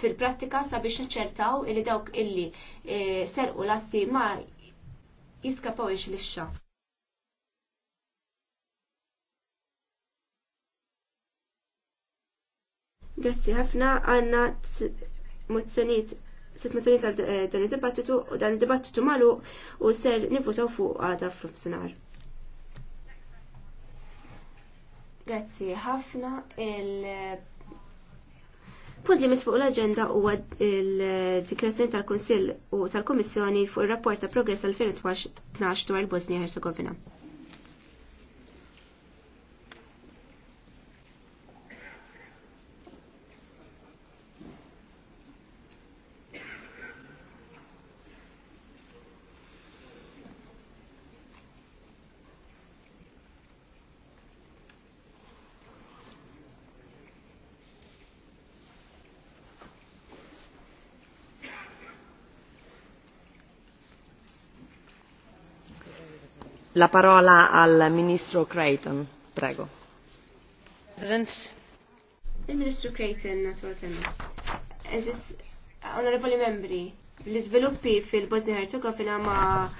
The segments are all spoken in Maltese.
fil-prattika sabiex niċċertaw illi dawk illi e, serqu lassi ma jiskapaw ix lixxa. Grazzi ħafna għanna mozzjoniet sit mozzjoniet għal e, dan id-dibattitu u dan id-dibattitu malu u ser nivutaw fuq għada f'nofsinhar. Grazzi ħafna il Punt li misfuq l-agenda huwa il-dikrazzjoni tal-Kunsill u tal komissjoni fuq ir-rapport ta' progress 2012 dwar il-Bosnia Herzegovina. La parola al Ministro Creighton, prego. President. Il-Ministru Creighton, naturalment. Eżis, onorevoli membri, l-izviluppi fil-Bosnia Herzegovina ma'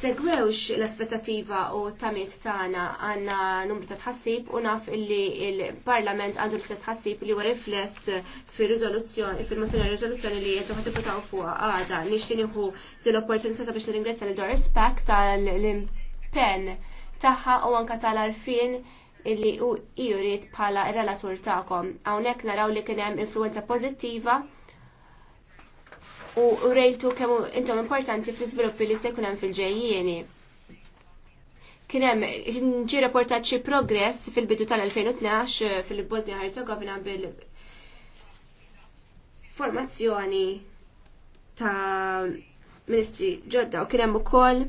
segwewx l-aspettativa u tamiet tagħna għandna numru ta' tħassib u naf illi il-Parlament għandu l-istess tħassib li wara rifless fir-riżoluzzjoni fil-mozzjoni riżoluzzjoni li jentu għati votaw fuqa għada nixtieq nieħu dil opportunità sabiex ingrezza li Doris Pack tal-impenn tagħha u anke tal-arfin illi u ijurid bħala il relatur tagħkom. Hawnhekk naraw li kien hemm influenza pozittiva u rejtu kemm intom importanti fl-iżviluppi li se jkun hemm fil-ġejjieni. Kien hemm ġie rapportat xi progress fil-bidu tal-2012 eh, fil-Bosnia Herzegovina bil formazzjoni ta' ministri ġodda u kien hemm ukoll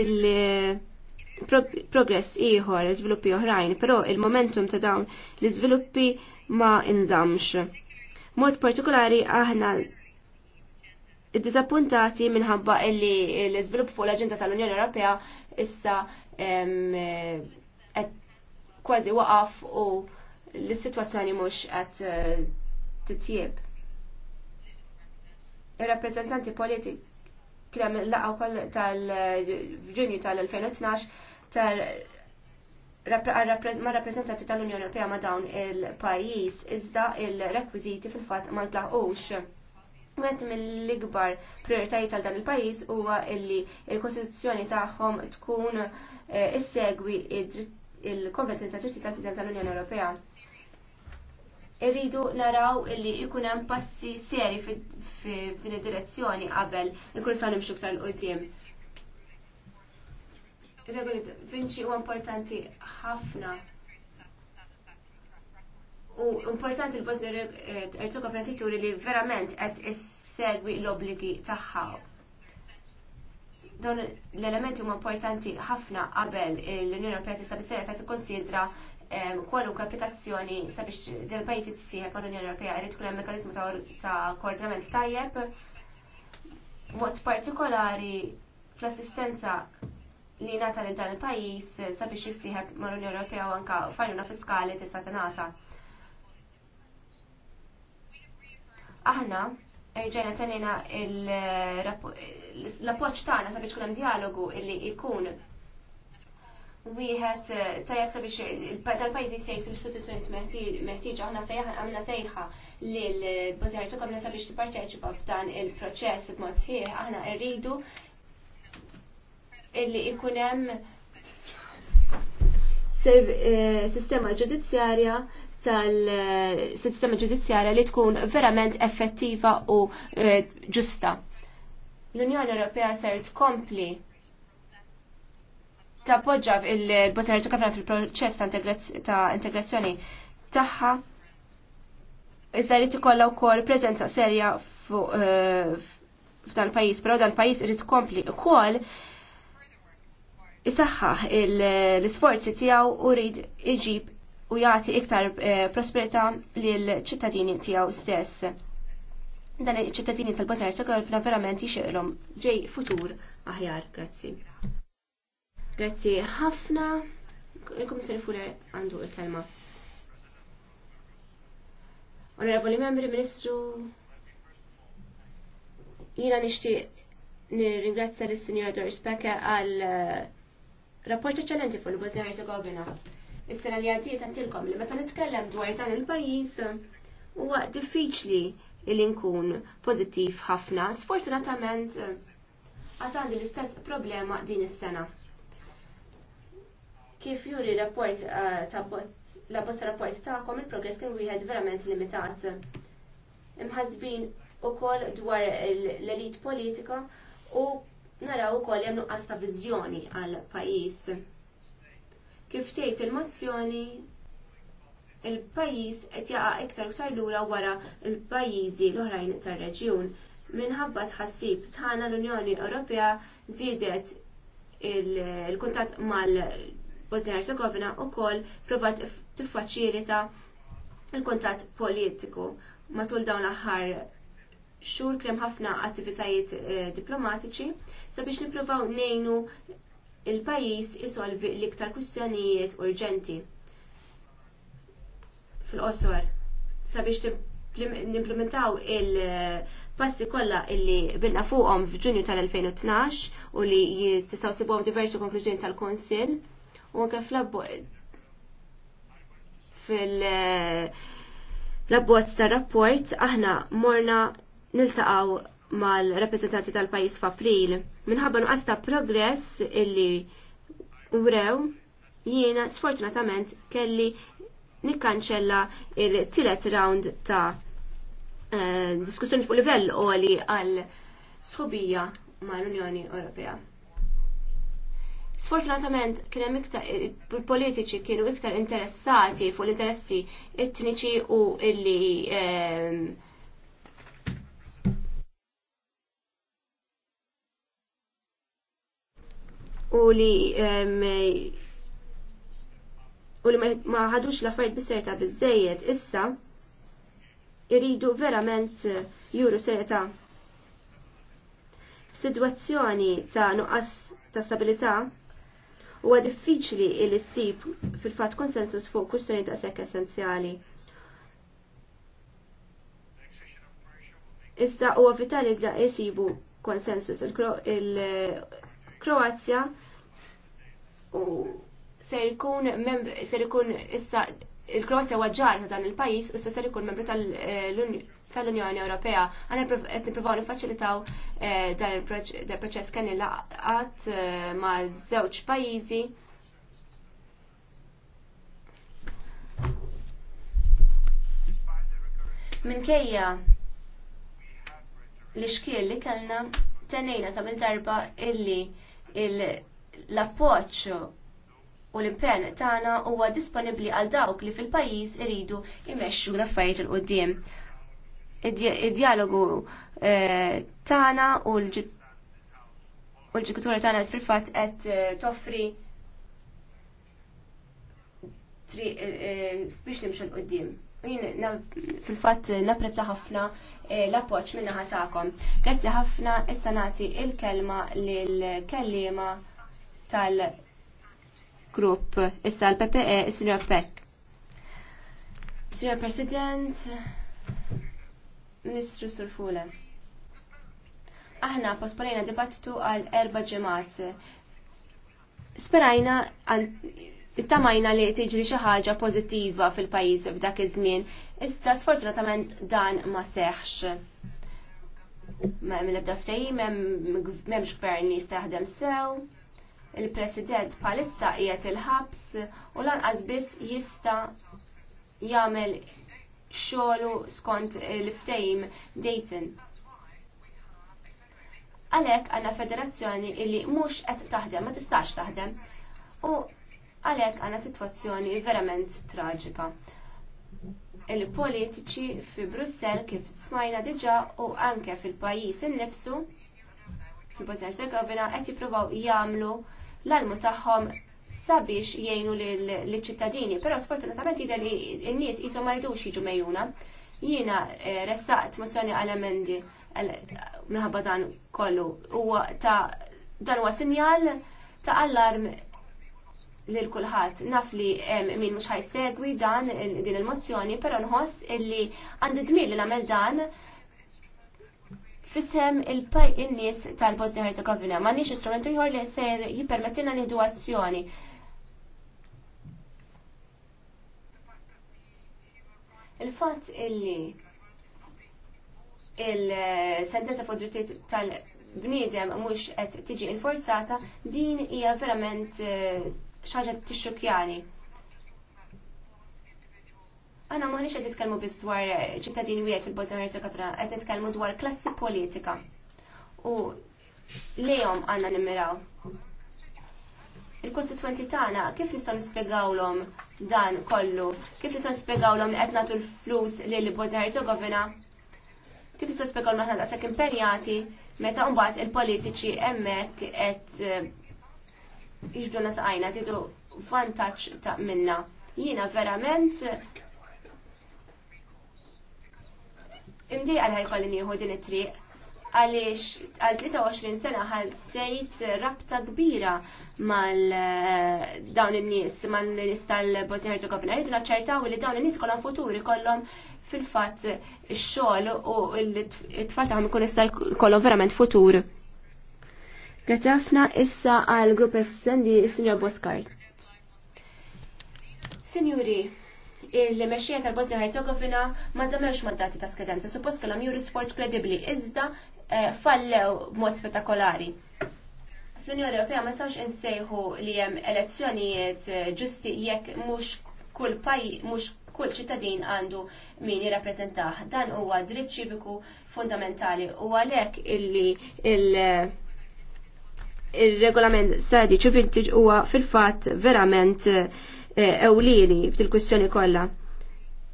il- eh, progress ieħor, iżviluppi oħrajn, però il-momentum ta' dawn l-iżviluppi ma inżamx. Mod partikolari aħna disappuntati minħabba illi l-izvilupp fuq l-aġenda tal-Unjoni Ewropea issa eh, qed kważi waqaf u l-sitwazzjoni mhux qed eh, titjieb. Ir-rappreżentanti politiki kien laqgħu koll tal-Ġunju tal-2012 tal ma' rappreżentanti tal-Unjoni Ewropea ma' dawn il-pajjiż iżda il-rekwiżiti fil-fatt ma ntlaqgħux. Met mill-ikbar prioritajiet tal dan il-pajjiż huwa illi il-Kostituzzjoni tagħhom tkun eh, issegwi il-Konvenzjoni ta' Dritti tal-Fidel tal-Unjoni Ewropea. Irridu naraw illi jkun hemm passi seri f'din id-direzzjoni qabel ikun sa nimxu ktar l-qudiem. Regoli Vinci huwa importanti ħafna U importanti l bosni eh, Erzugovina tituri li verament qed segwi l-obbligi tagħha. Dawn l-elementi huma importanti ħafna qabel l-Unjoni Ewropea tista' bissejra ta' tikkonsidra kwalunkwe applikazzjoni sabiex din il-pajjiżi tissieħeb mal-Unjoni Ewropea irid tkun hemm mekkaniżmu ta' koordinament tajjeb mod partikolari fl-assistenza li nata lil dan il pajjiż sabiex jissieħeb mal-Unjoni Ewropea u anka fajnuna fiskali tista' tingħata. aħna rġajna tanina l-appoċ tagħna sabiex tkun hemm dialogu illi jkun wieħed eh, tajjeb sabiex dal pajzi sej sul-istituzzjonijiet meħtieġa aħna sejħa għamilna sejħa lil Bosnia Herzegovina sabiex tipparteċipa f'dan il-proċess b'mod sħiħ aħna rridu illi ikun hemm eh, sistema ġudizzjarja tal-sistema eh, ġudizzjarja li tkun verament effettiva u eh, ġusta. L-Unjoni Ewropea ser tkompli tappoġġa il-Bosnia Herzegovina fil-proċess ta' integrazzjoni tagħha iżda jrid ikollha wkoll preżenza serja eh, f'dan pajjiż, però dan pajjiż irid tkompli wkoll isaħħaħ l-isforzi tiegħu u rid iġib u jagħti iktar eh, prosperità lill-ċittadini tiegħu stess. Dan iċ-ċittadini tal-Bosnia Herzegovina verament jixilhom ġej futur aħjar, grazzi. Grazzi ħafna. Il-Kummissarju Fuller għandu il-kelma. Onorevoli membri, Ministru, jina nixtieq nirringrazzja lis-Sinjora Doris Becker għal eh, rapport eċċellenti fuq il-Bosnia Herzegovina Is-sena li għaddiet għattilkom li meta nitkellem dwar dan il-pajjiż huwa diffiċli li nkun pożittiv ħafna. Sfortunatament għad għandi l-istess problema din is-sena. Kif juri rapport eh, ta' la bosta rapport ta'kom il-progress kien wieħed verament limitat. Imħazbin ukoll dwar l-elit politika u naraw ukoll hemm nuqqas ta' viżjoni għal pajjiż Kif tgħid il-mozzjoni il-pajjiż qed jaqa' iktar iktar lura wara l-pajjiżi l-oħrajn tar-reġjun. Minħabba tħassib tħana l-Unjoni Ewropea żiedet il-kuntatt mal-Bosnia Herzegovina wkoll provat tiffaċilita il-kuntatt politiku matul dawn l-aħħar xhur krem ħafna attivitajiet eh, diplomatiċi sabiex nippruvaw ngħinu il-pajjiż isolvi l-iktar kwistjonijiet urġenti fil-qosor sabiex nimplementaw il-passi kollha illi bilna fuqhom f'Ġunju tal-2012 u li tistgħu sibhom diversi konklużjoni tal-Kunsill u anke fil-abbozz eh, tar-rapport aħna morna niltaqgħu mal reprezentanti tal-pajis f'April. Minħabba nuqqas ta' progress illi wrew jiena sfortunatament kelli nikkanċella il-tilet round ta' eh, diskussjoni fuq livell għoli għal sħobija ma' l-Unjoni Ewropea. Sfortunatament kien hemm iktar il-politiċi kienu iktar interessati fuq l-interessi etniċi u illi eh, u li u li ma ħadux l-affarijiet bisserta biżejjed issa iridu verament juru serjetà f'sitwazzjoni ta' nuqqas ta' stabilità huwa diffiċli li ssib fil-fatt konsensus fuq kustjoni ta' sekk essenzjali. Issa huwa vitali li jisibu konsensus il Kroazja u ser ikun ser ikun issa il-Kroazja waġġar ta' dan il-pajis u issa ser ikun membru tal-Unjoni Ewropea. Għana qed nippruvaw nifaċilitaw eh, dan il-proċess kien laqat eh, ma' żewġ pajjiżi. Minkejja li xkiel li kellna tenejna ta' il-darba illi l-appoċ u l-impen tagħna huwa disponibbli għal dawk li fil-pajjiż iridu jmexxu l-affarijiet il qudiem Id-dialogu e, tagħna u l-ġikutura tagħna fil-fatt qed e, toffri e, biex nimxu l-qudiem fil-fatt napprezza ħafna eh, l-appoċ minna ħasakom. Grazzi ħafna issa nagħti il-kelma lil-kellima tal-grupp issa l-PPE is-Sinjor eh, Peck. Sinjor President, Ministru Surfule. Aħna posponejna dibattitu għal erba ġemat. Sperajna Ittamajna li tiġri xi ħaġa pożittiva fil-pajjiż f'dak iż-żmien, iżda sfortunatament dan ma seħħx. l ebda ftehim m'hemmx gvern li jistaħdem sew, il-President bħalissa qiegħed il-ħabs u lanqas biss jista' jagħmel xogħlu skont il-ftehim Dayton. Għalhekk għandna federazzjoni li mhux qed taħdem, ma tistax taħdem. U Għalhekk għandna sitwazzjoni verament traġika. Il-politiċi fi Brussell kif smajna diġà u anke fil-pajjiż innifsu fil-Bosnia Herzegovina qed jippruvaw jagħmlu l-almu tagħhom sabiex jgħinu l-ċittadini, però sfortunatament jidher li nies qishom ma jridux jiġu mejjuna. Jiena eh, ressaqt mozzjoni għal emendi minħabba dan kollu u ta' dan huwa sinjal ta' allarm lil kulħadd. Naf li min mhux ħajsegwi dan eh, din il-mozzjoni, però nħoss illi għandi dmir li nagħmel dan fisem il-paj in-nies tal-Bosnia Herzegovina. M'għandniex istrumentu ieħor li se jippermettilna nieħdu azzjoni. Il-fatt illi il-sentenza fuq drittijiet tal-bniedem mhux qed tiġi infurzata, din hija verament eh, xaġa tixxukjani. Għana maħniċ t-tkelmu biz dwar eh, ċittadini wieħed fil-Bosnia Herzegovina, għed t-tkelmu dwar klassi politika. U lejom għanna nimmiraw. Il-kostituenti tagħna kif nistgħu nispjegawlhom dan kollu? Kif nistgħu nispjegawlhom li qed nagħtu l-flus lil Bosnia Herzegovina? Kif nistgħu nispjegawlhom maħna daqshekk impenjati meta mbagħad il-politiċi hemmhekk qed eh, jiġdu nasqajna, tidu vantaċ ta' minna. Jina verament imdi għal ħajkolli nieħu din it-triq għaliex għal 23 sena għal sejt rabta kbira mal eh, dawn in-nies, mal nies tal-Bosnia Herzegovina. Rridu naċċertaw li dawn in-nies kollhom futuri kollhom fil-fatt ix-xogħol u t-tfal tagħhom ikun issa verament futur. Grazie ħafna issa għal grupp essendi il signor Boskart. Sinjuri, il-mexxija tal-Bosnia Herzegovina ma żammewx mandati ta' skadenza, suppost kellhom juri sport kredibbli, iżda eh, fallew b'mod spettakolari. Fl-Unjoni Ewropea ma sawx insejħu li hemm elezzjonijiet eh, ġusti jekk mhux kull paj mhux kull ċittadin għandu min jirrappreżentah. Dan huwa dritt ċiviku fundamentali u għalhekk illi il- il-regolament sadi ċupintiġ huwa fil-fat verament eh, ewlieni fil kwistjoni kollha.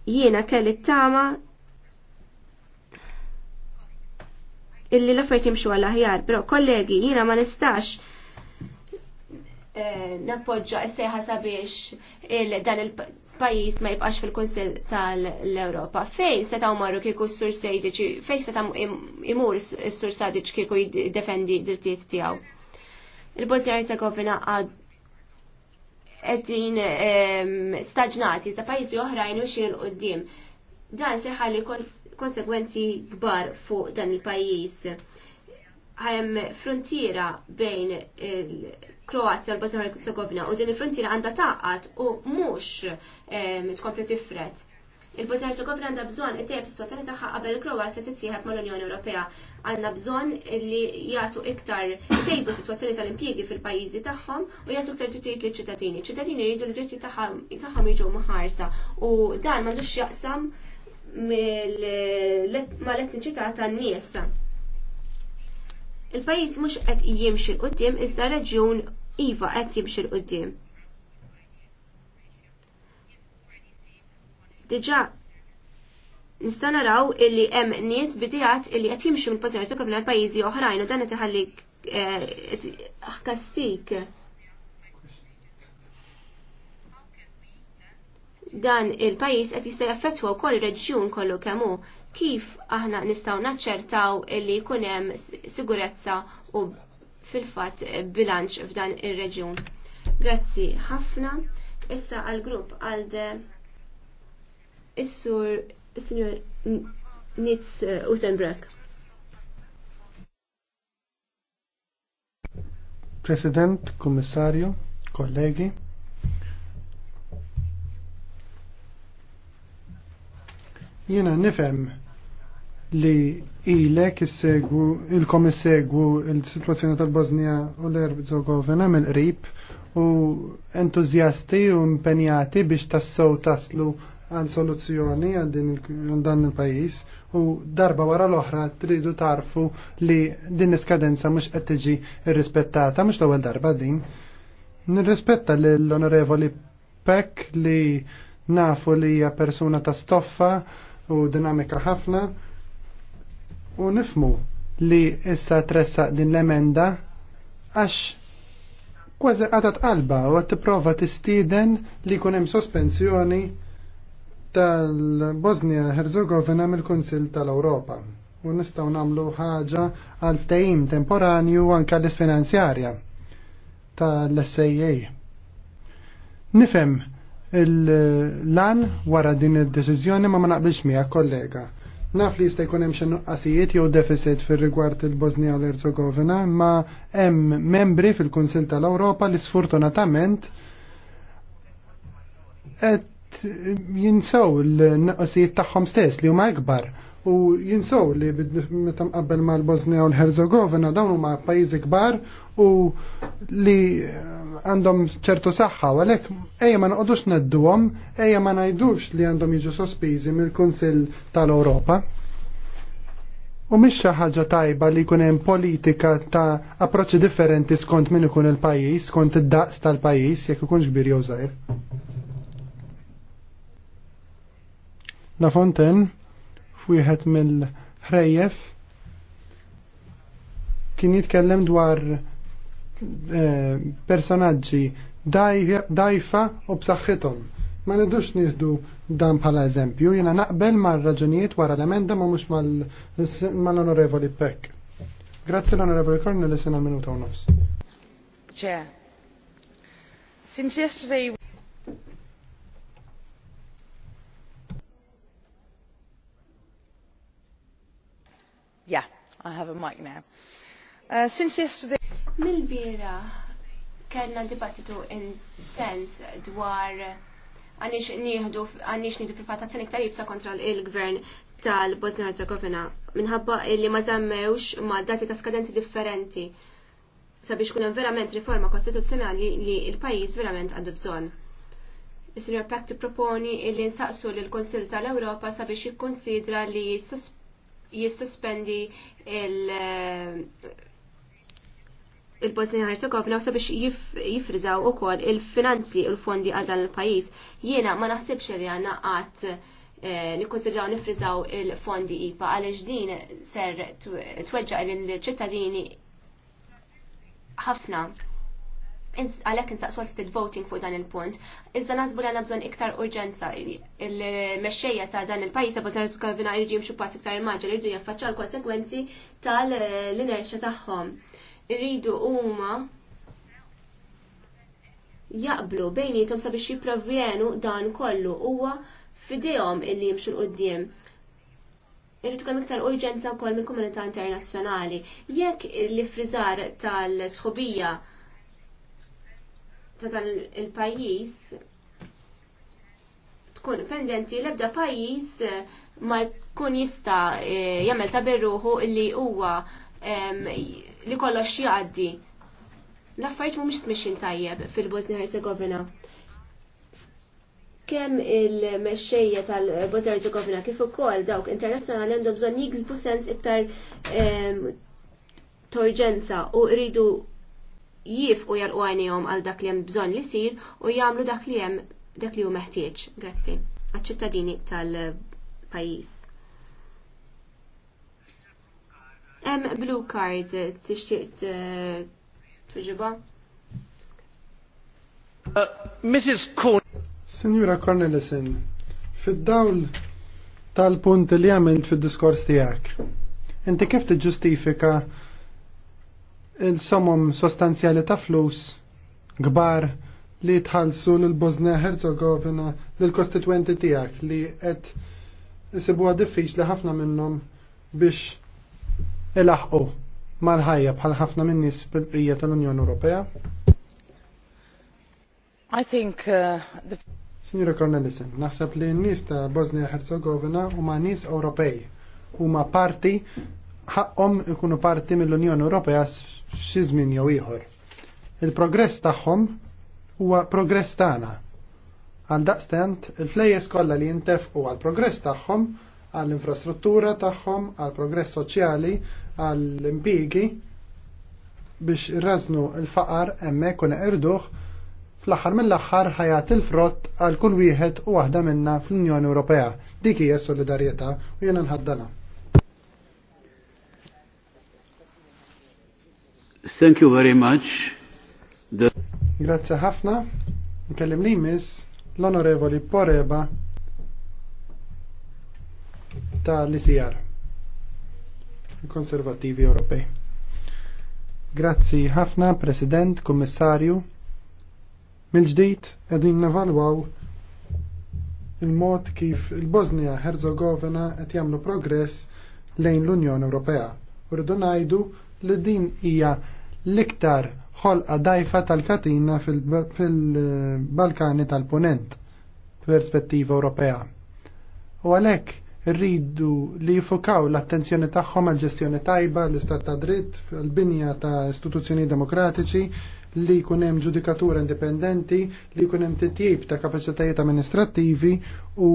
Jiena kelli tama illi l-affarijiet jimxu għall aħjar, però kollegi jiena ma nistax eh, nappoġġa s-seħħa sabiex dan il pajis ma jibqax fil kunsill tal-Europa. Fej se ta' umarru kieku s-sur sejdiċi, fej se imur s-sur sadiċ kieku jiddefendi drittijiet tijaw? il-Bosnia Herzegovina għad qegħdin ehm, staġnati sa pajjiżi oħrajn u xir qudiem. Dan se ħalli konsekwenzi kbar fuq dan il-pajjiż. Għajem frontiera bejn il-Kroazja u l-Bosnia Herzegovina u din il-frontiera għandha taqqat u mhux ehm, tkompli tifret Il-Bosnia Herzegovina għandha bżonn it-tejb sitwazzjoni tagħha qabel il-Kroazja titsieħeb mal-Unjoni Ewropea. Għandna bżonn li jagħtu iktar tejbu sitwazzjoni tal-impjiegi fil-pajjiżi tagħhom u jagħtu iktar drittijiet liċ-ċittadini. ċittadini jridu l-dritti tagħhom jiġu maħarsa u dan m'għandux jaqsam mal-etniċità tan-nies. Il-pajjiż mhux qed jimxi l-qudiem iżda reġjun iva qed jimxi l-qudiem. Diġa nista' naraw illi hemm nies bidijat illi qed jimxu mill pożizzjoni tagħhom lejn pajjiżi oħrajn u dan qed iħallik eh, ħkastik. Dan il-pajjiż qed jista' jaffettwa wkoll reġjun kollu kemm hu. Kif aħna nistgħu naċċertaw illi jkun hemm sigurezza u fil-fatt bilanċ f'dan ir-reġjun. Grazzi ħafna. Issa għal grupp għal Is-sur is sur Nitz uh, Utenbrek. President, Kommissarju, kollegi, jena nifem li ilek segwu il-kom segwu il-situazzjoni tal-Bosnia u l-Herzegovina mill-qrib u entuzjasti u impenjati biex tassew taslu għan soluzzjoni għal dan il-pajis u darba wara l-oħra tridu tarfu li din iskadenza mhux qed tiġi rrispettata mhux l-ewwel darba din. Nirrispetta l-Onorevoli Peck li nafu li hija persuna ta' stoffa u dinamika ħafna u nifmu li issa tressaq din l-emenda għax kważi għatat qalba u għat t-prova t-istiden li kunem sospensjoni tal-Bosnia Herzegovina mill-Kunsil tal-Ewropa u nistgħu nagħmlu ħaġa għal ftehim temporanju anke l finanzjarja tal-SAA. Nifhem il-lan wara din id-deċiżjoni ma ma naqbilx miegħek kollega. Naf li jista' jkun hemm xi nuqqasijiet jew deficit fir-rigward il-Bosnia u l-Herzegovina, ma hemm membri fil-Kunsil tal-Ewropa li sfortunatament qed jinsaw l-naqsijiet tagħhom stess li huma akbar u jinsaw li meta mqabbel mal-Bosnia u l-Herzegovina dawn huma pajjiżi kbar u li eh, għandhom ċertu saħħa u għalhekk ejja ma noqogħdux nedduhom, ejja ma ngħidux li għandhom jiġu sospiżi mill-Kunsill tal-Ewropa. U mhix xi ħaġa tajba li jkun hemm politika ta' approċċi differenti skont min ikun il-pajjiż, skont id-daqs tal-pajjiż jekk ikunx kbir jew żgħir. La Fontaine f'wieħed mill-ħrejjef kien jitkellem dwar eh, personaġġi dajfa u b'saħħithom. Ma nidux nieħdu dan bħala eżempju, jiena naqbel mar-raġunijiet wara l-emenda ma mhux mal-Onorevoli Peck. Grazzi l-Onorevoli Cornel li sena minuta u nofs. Chair, since yesterday Yeah, I have a mic now. Uh, since yesterday... Mil-bira kellna dibattitu intens dwar għanix nieħdu għanix nieħdu preparazzjoni jibsa kontra il-gvern tal-Bosnia Herzegovina minħabba li ma zammewx ma dati ta' skadenti differenti sabiex kun hemm verament riforma kostituzzjonali li l-pajjiż verament għandu bżonn. Is-Sinjor Pack tipproponi li nsaqsu l Kunsill tal-Ewropa sabiex jikkonsidra li jissus jissuspendi il- eh, il-Bosnia Herzegovina u sabiex jifrizaw ukoll il-finanzi u l-fondi għal dan il-pajjiż. Jiena ma naħsibx li għandna qatt eh, nikonsidraw nifrizaw il-fondi IPA għaliex din ser tweġġa lill-ċittadini ħafna għalek nsaqsu split voting fuq dan il-punt, iżda nazbu li għanna bżon iktar urġenza il-mexxejja ta' dan il-pajis ta' Bosnia Herzegovina irġi jimxu pass iktar il maġġa jridu jaffaċċa l-konsekwenzi tal inerċa tagħhom. Irridu huma jaqblu bejnietom sabiex jipprovjenu dan kollu huwa fidejhom illi jimxu l qoddim irrid kemm iktar urġenza wkoll mill-komunità internazzjonali. Jekk l-ifriżar tal-sħubija ta' dan il-pajjiż tkun pendenti l-ebda pajjiż eh, ma jkun jista eh, jagħmel ta' berruħu li huwa li kollox jgħaddi. L-affarijiet mhumiex smixin tajjeb fil-Bosnia Herzegovina. Kemm il-mexxejja tal-Bosnia Herzegovina kif ukoll dawk internazzjonali għandhom bżonn jiksbu sens iktar torġenza u rridu jif u jalqu għajnijom għal dak li jem bżon li sir u jagħmlu dak li jem dak li hu meħtieċ. Grazzi. Għacċittadini tal pajis Em blue card t-ixtiq t eh, tuġiba? Uh, Mrs. Kuhn. Signora Cornelison, fid-dawl tal-punt li għamilt fid-diskors tijak, Inti kif t-ġustifika il-somom sostanzjali ta' flus gbar li tħallsu l-Bosnia Herzegovina l-kostituenti tijak li għed isibuwa għadifiċ li ħafna minnom biex ilaħqu mal-ħajja bħal ħafna minnis bil bija tal-Unjoni Ewropea? I think uh, the... Signora Cornelissen, naħseb li n-nis ta' Bosnia Herzegovina huma nis Ewropej, huma parti ħaqhom ikunu parti mill-Unjoni Ewropea xi żmien jew ieħor. Il-progress tagħhom huwa progress tagħna. Għal daqstent, il-flejjes kollha li jintefqu għal progress tagħhom, għall infrastruttura tagħhom, għal progress soċjali, għall impigi biex irraznu l-faqar hemmhekk u irduħ fl-aħħar mill-aħħar ħajat il-frott għal kull wieħed u waħda minna fl-Unjoni Ewropea. Dik hija s-solidarjetà u jiena nħaddana. Thank you very much. The... Grazie ħafna. Nkellim li mis l-Onorevoli Poreba ta' l-ICR, il-Konservativi Ewropej. Grazzi ħafna, President, Kommissarju. Mil-ġdijt, edin navalwaw il-mod kif il-Bosnia Herzegovina qed jagħmlu progress lejn l-Unjoni Ewropea. Urridu ngħidu li din hija l-iktar ħolqa dajfa tal-katina fil-Balkani tal-Ponent perspettiva Ewropea. U għalhekk rridu li jifukaw l-attenzjoni tagħhom għal ġestjoni tajba l-istat ta' dritt, l-binja ta' istituzzjoni demokratiċi, li jkun hemm ġudikatura indipendenti, li jkun hemm titjib ta' kapaċitajiet amministrattivi u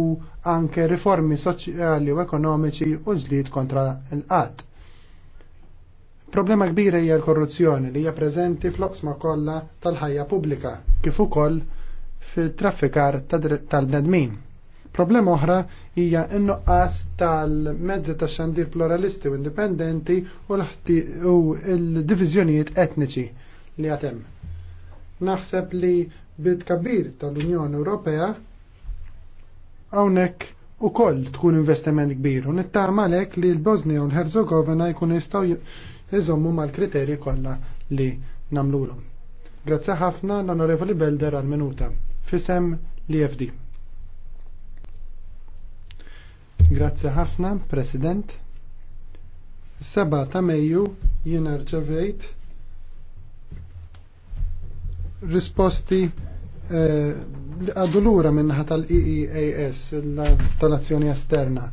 anke riformi soċjali u ekonomiċi u ġlid kontra l-qatt. Problema kbira hija l-korruzzjoni li hija preżenti fl-oqsma kollha tal-ħajja pubblika kif ukoll fit-traffikar tal-bnedmin. Problema oħra hija n-nuqqas tal-mezzi ta' xandir pluralisti u indipendenti u l-diviżjonijiet etniċi li għatem. Naħseb li bid kabir tal-Unjoni Ewropea hawnhekk ukoll tkun investiment kbir u nittama lek li l-Bosnia u l-Herzegovina jkun jistgħu iżommu mal-kriterji kollha li namlulhom. Grazzi ħafna l-Onorevoli Belder għal-minuta. Fisem l-IFD. Grazzi ħafna, President. Seba ta' Mejju jien rċevejt risposti eh, għadulura minnaħa tal-EEAS, tal-azzjoni esterna.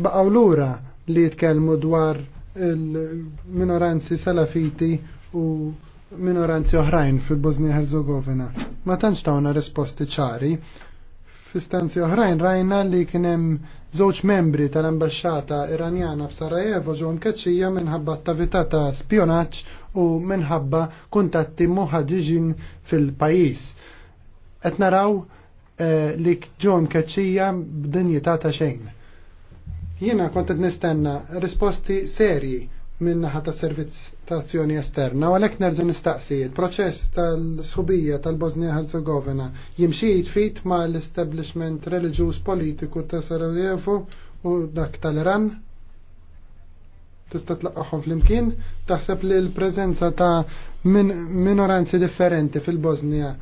Baqaw lura li jitkellmu dwar il-minoranzi salafiti u minoranzi oħrajn fil-Bosnia Herzegovina. Ma tantx tawna risposti ċari. Fistanzi oħrajn rajna li kienem żewġ membri tal-ambasċata iranjana f'Sarajevo ġew mkeċċija minħabba attività ta' spionaċ u minħabba kuntatti muħadġiġin fil-pajjiż. Qed naraw eh, li ġew mkeċċija b'dinjità ta' xejn Jiena kont qed nistenna risposti serji minna naħa ta' servizz ta' azzjoni esterna u għalhekk nerġa' nistaqsi il-proċess tal subija tal-Bosnia Herzegovina jimxi jitfit ma' l-establishment reliġjuż politiku ta' Sarajevo u dak tal-Iran? Tista' fl flimkien? Taħseb li l-preżenza ta' minoranzi differenti fil-Bosnia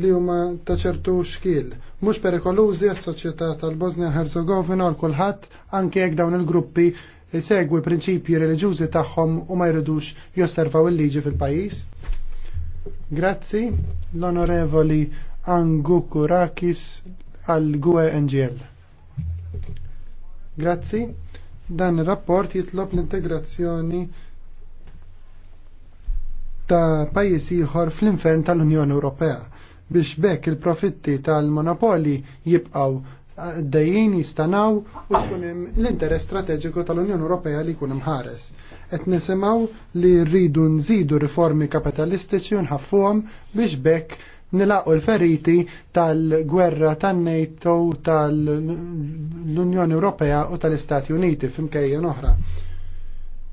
li huma ta' ċertu xkil, mhux perikolużi għas-soċjetà tal-Bosnia Herzegovina għal kulħadd anke jekk dawn il-gruppi segwi prinċipji reliġjużi tagħhom u ma jridux josservaw il-liġi fil-pajjiż. Grazzi l-Onorevoli Anguku Rakis għal GUE NGL. Grazzi. Dan ir-rapport jitlob l-integrazzjoni ta' pajjiż ieħor fl-infern tal-Unjoni Ewropea biex bekk il-profitti tal-monopoli jibqaw dejjin jistanaw u tkun l-interess strateġiku tal-Unjoni Ewropea li jkun ħares. Qed nisimgħu li rridu nżidu riformi kapitalistiċi u nħaffuhom biex bekk nilaqgħu l-feriti tal-gwerra tan-NATO tal-Unjoni Ewropea u tal-Istati Uniti f'imkejjen oħra.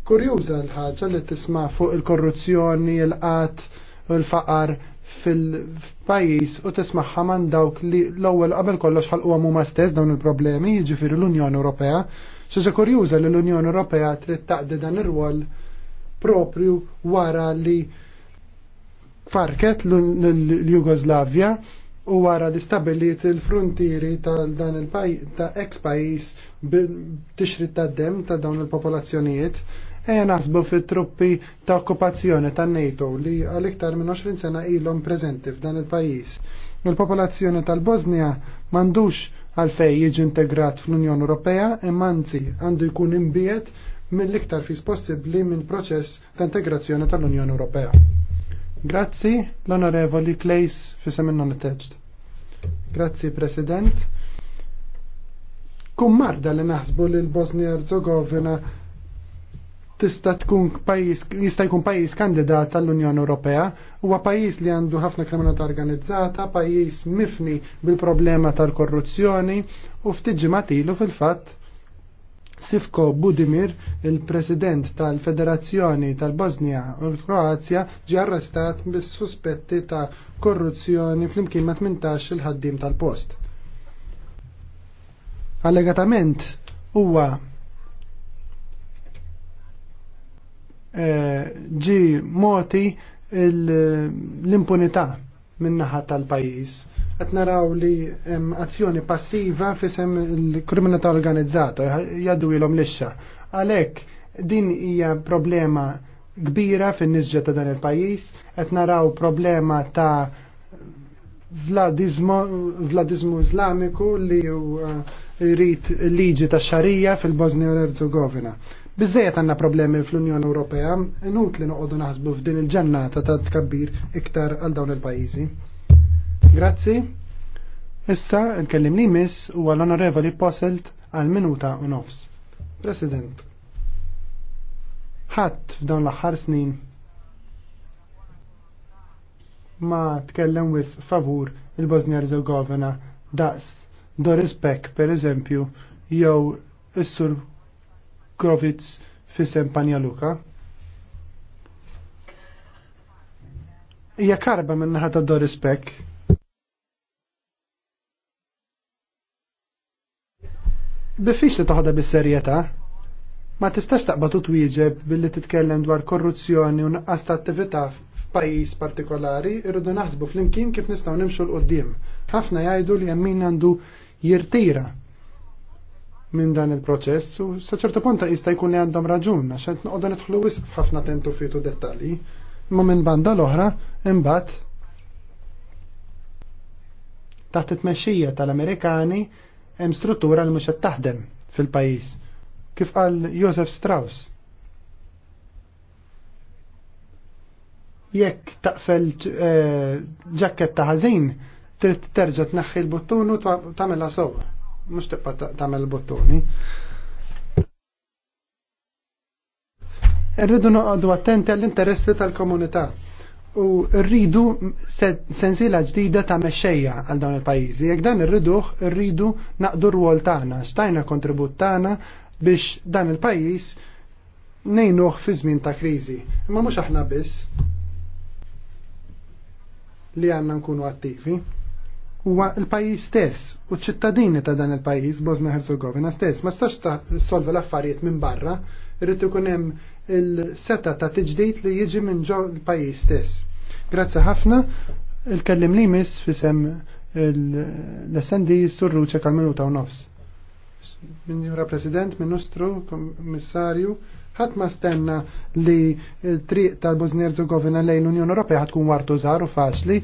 Kurjuża l-ħaġa li tisma' fuq il-korruzzjoni, il qat u l-faqar fil-pajis u tismaħħa man dawk li l-ewwel qabel kollox ħalquha huma stess dawn il-problemi, jiġifieri l-Unjoni Ewropea. Xi kurjuża li l-Unjoni Ewropea trid taqdi dan ir-rwol propju wara li farket l-Jugoslavja u wara li stabbiliet il-frontieri tal dan il-pajis ta' ex pajis tixrid ta' dem ta' dawn il-popolazzjonijiet Eja nasbu fit-truppi ta' okkupazzjoni tan NATO li għal-iktar minn 20 sena ilhom preżenti f'dan il-pajjiż. Il-popolazzjoni tal-Bosnia mandux għalfej jiġi integrat fl-Unjoni Ewropea imma anzi għandu jkun imbiet mill-iktar fis possibbli minn proċess ta' integrazzjoni tal-Unjoni Ewropea. Grazzi l-Onorevoli Klejs fisem it teġd. Grazzi President. Kum marda li naħsbu l-Bosnia Herzegovina tista' tkun pajjiż jista' jkun pajjiż kandidat tal-Unjoni Ewropea, huwa pajjiż li għandu ħafna kriminalità organizzata, pajjiż mifni bil-problema tal-korruzzjoni u ftit ma'tilu fil-fatt Sifko Budimir, il-president tal-Federazzjoni tal-Bosnia u l-Kroazja, ġi arrestat bis-suspetti ta' korruzzjoni fl-imkien ma' 18 il-ħaddim tal-post. Allegatament huwa ġi moti l-impunità minnaħat tal-pajis. Qed naraw li azzjoni passiva fisem il-kriminalità organizzata jaddu ilhom lixxa. Għalhekk din hija problema kbira fin nisġet ta' dan il-pajis, qed naraw problema ta' Vladizmu Islamiku li jrid liġi ta' xarija fil-Bosnia u l-Herzegovina. Bizzejet għanna problemi fl-Unjoni Ewropea, inut li noqogħdu naħsbu f'din il-ġennata ta' tkabbir iktar għal dawn il-pajjiżi. Grazzi. Issa nkellimni miss u għall-Onorevoli Posselt għal minuta u nofs. President. Ħadd f'dawn l-aħħar snin ma tkellem wis favur il-Bosnia Herzegovina daqs do rispek per eżempju jew is-sur Kovits fisem Panja Luka. Ija karba minna ħata Doris Peck. Bifix li toħda bis-serjetà. Ma tistax taqbad u twieġeb billi titkellem dwar korruzzjoni u naqqas ta' attività f'pajjiż partikolari, irridu naħsbu flimkien kif nistgħu nimxu l qudiem Ħafna jgħidu li hemm min għandu jirtira minn dan il-proċess u sa ċertu punta jista' jkun li għandhom raġun għax qed noqogħdu nidħlu wisq f'ħafna tentu fitu dettalji. Ma minn banda l-oħra imbagħad taħt it-tmexxija tal-Amerikani hemm struttura li mhux qed taħdem fil-pajjiż. Kif qal Joseph Strauss. Jekk taqfel eh, ġakket ta' ħażin, trid terġa' tnaħħi l-buttun u tagħmilha sewwa mhux tibqa' tagħmel bottoni. Irridu noqogħdu attenti għall-interessi tal-komunità u rridu sensiela ġdida ta' mexxejja għal dawn il-pajjiżi. Jekk dan irriduh, irridu naqdu rwol tagħna, xtajna kontribut tagħna biex dan il-pajjiż nejnuh fi żmien ta' kriżi. Imma mhux aħna biss li għandna nkunu attivi huwa l-pajjiż stess u ċ-ċittadini ta' dan il-pajjiż Bosna Herzegovina stess ma stax ta' l-affarijiet minn barra, irrid ikun hemm il-seta ta' tiġdid li jiġi minn ġo l-pajjiż stess. Grazzi ħafna, il-kellim li miss fisem l-essendi surru ċekal minuta u nofs. Jura President, Ministru, Kommissarju, ħat ma stenna li triq tal-Bosnia Herzegovina lejn l-Unjoni Ewropea ħatkun wartu żgħar u faċli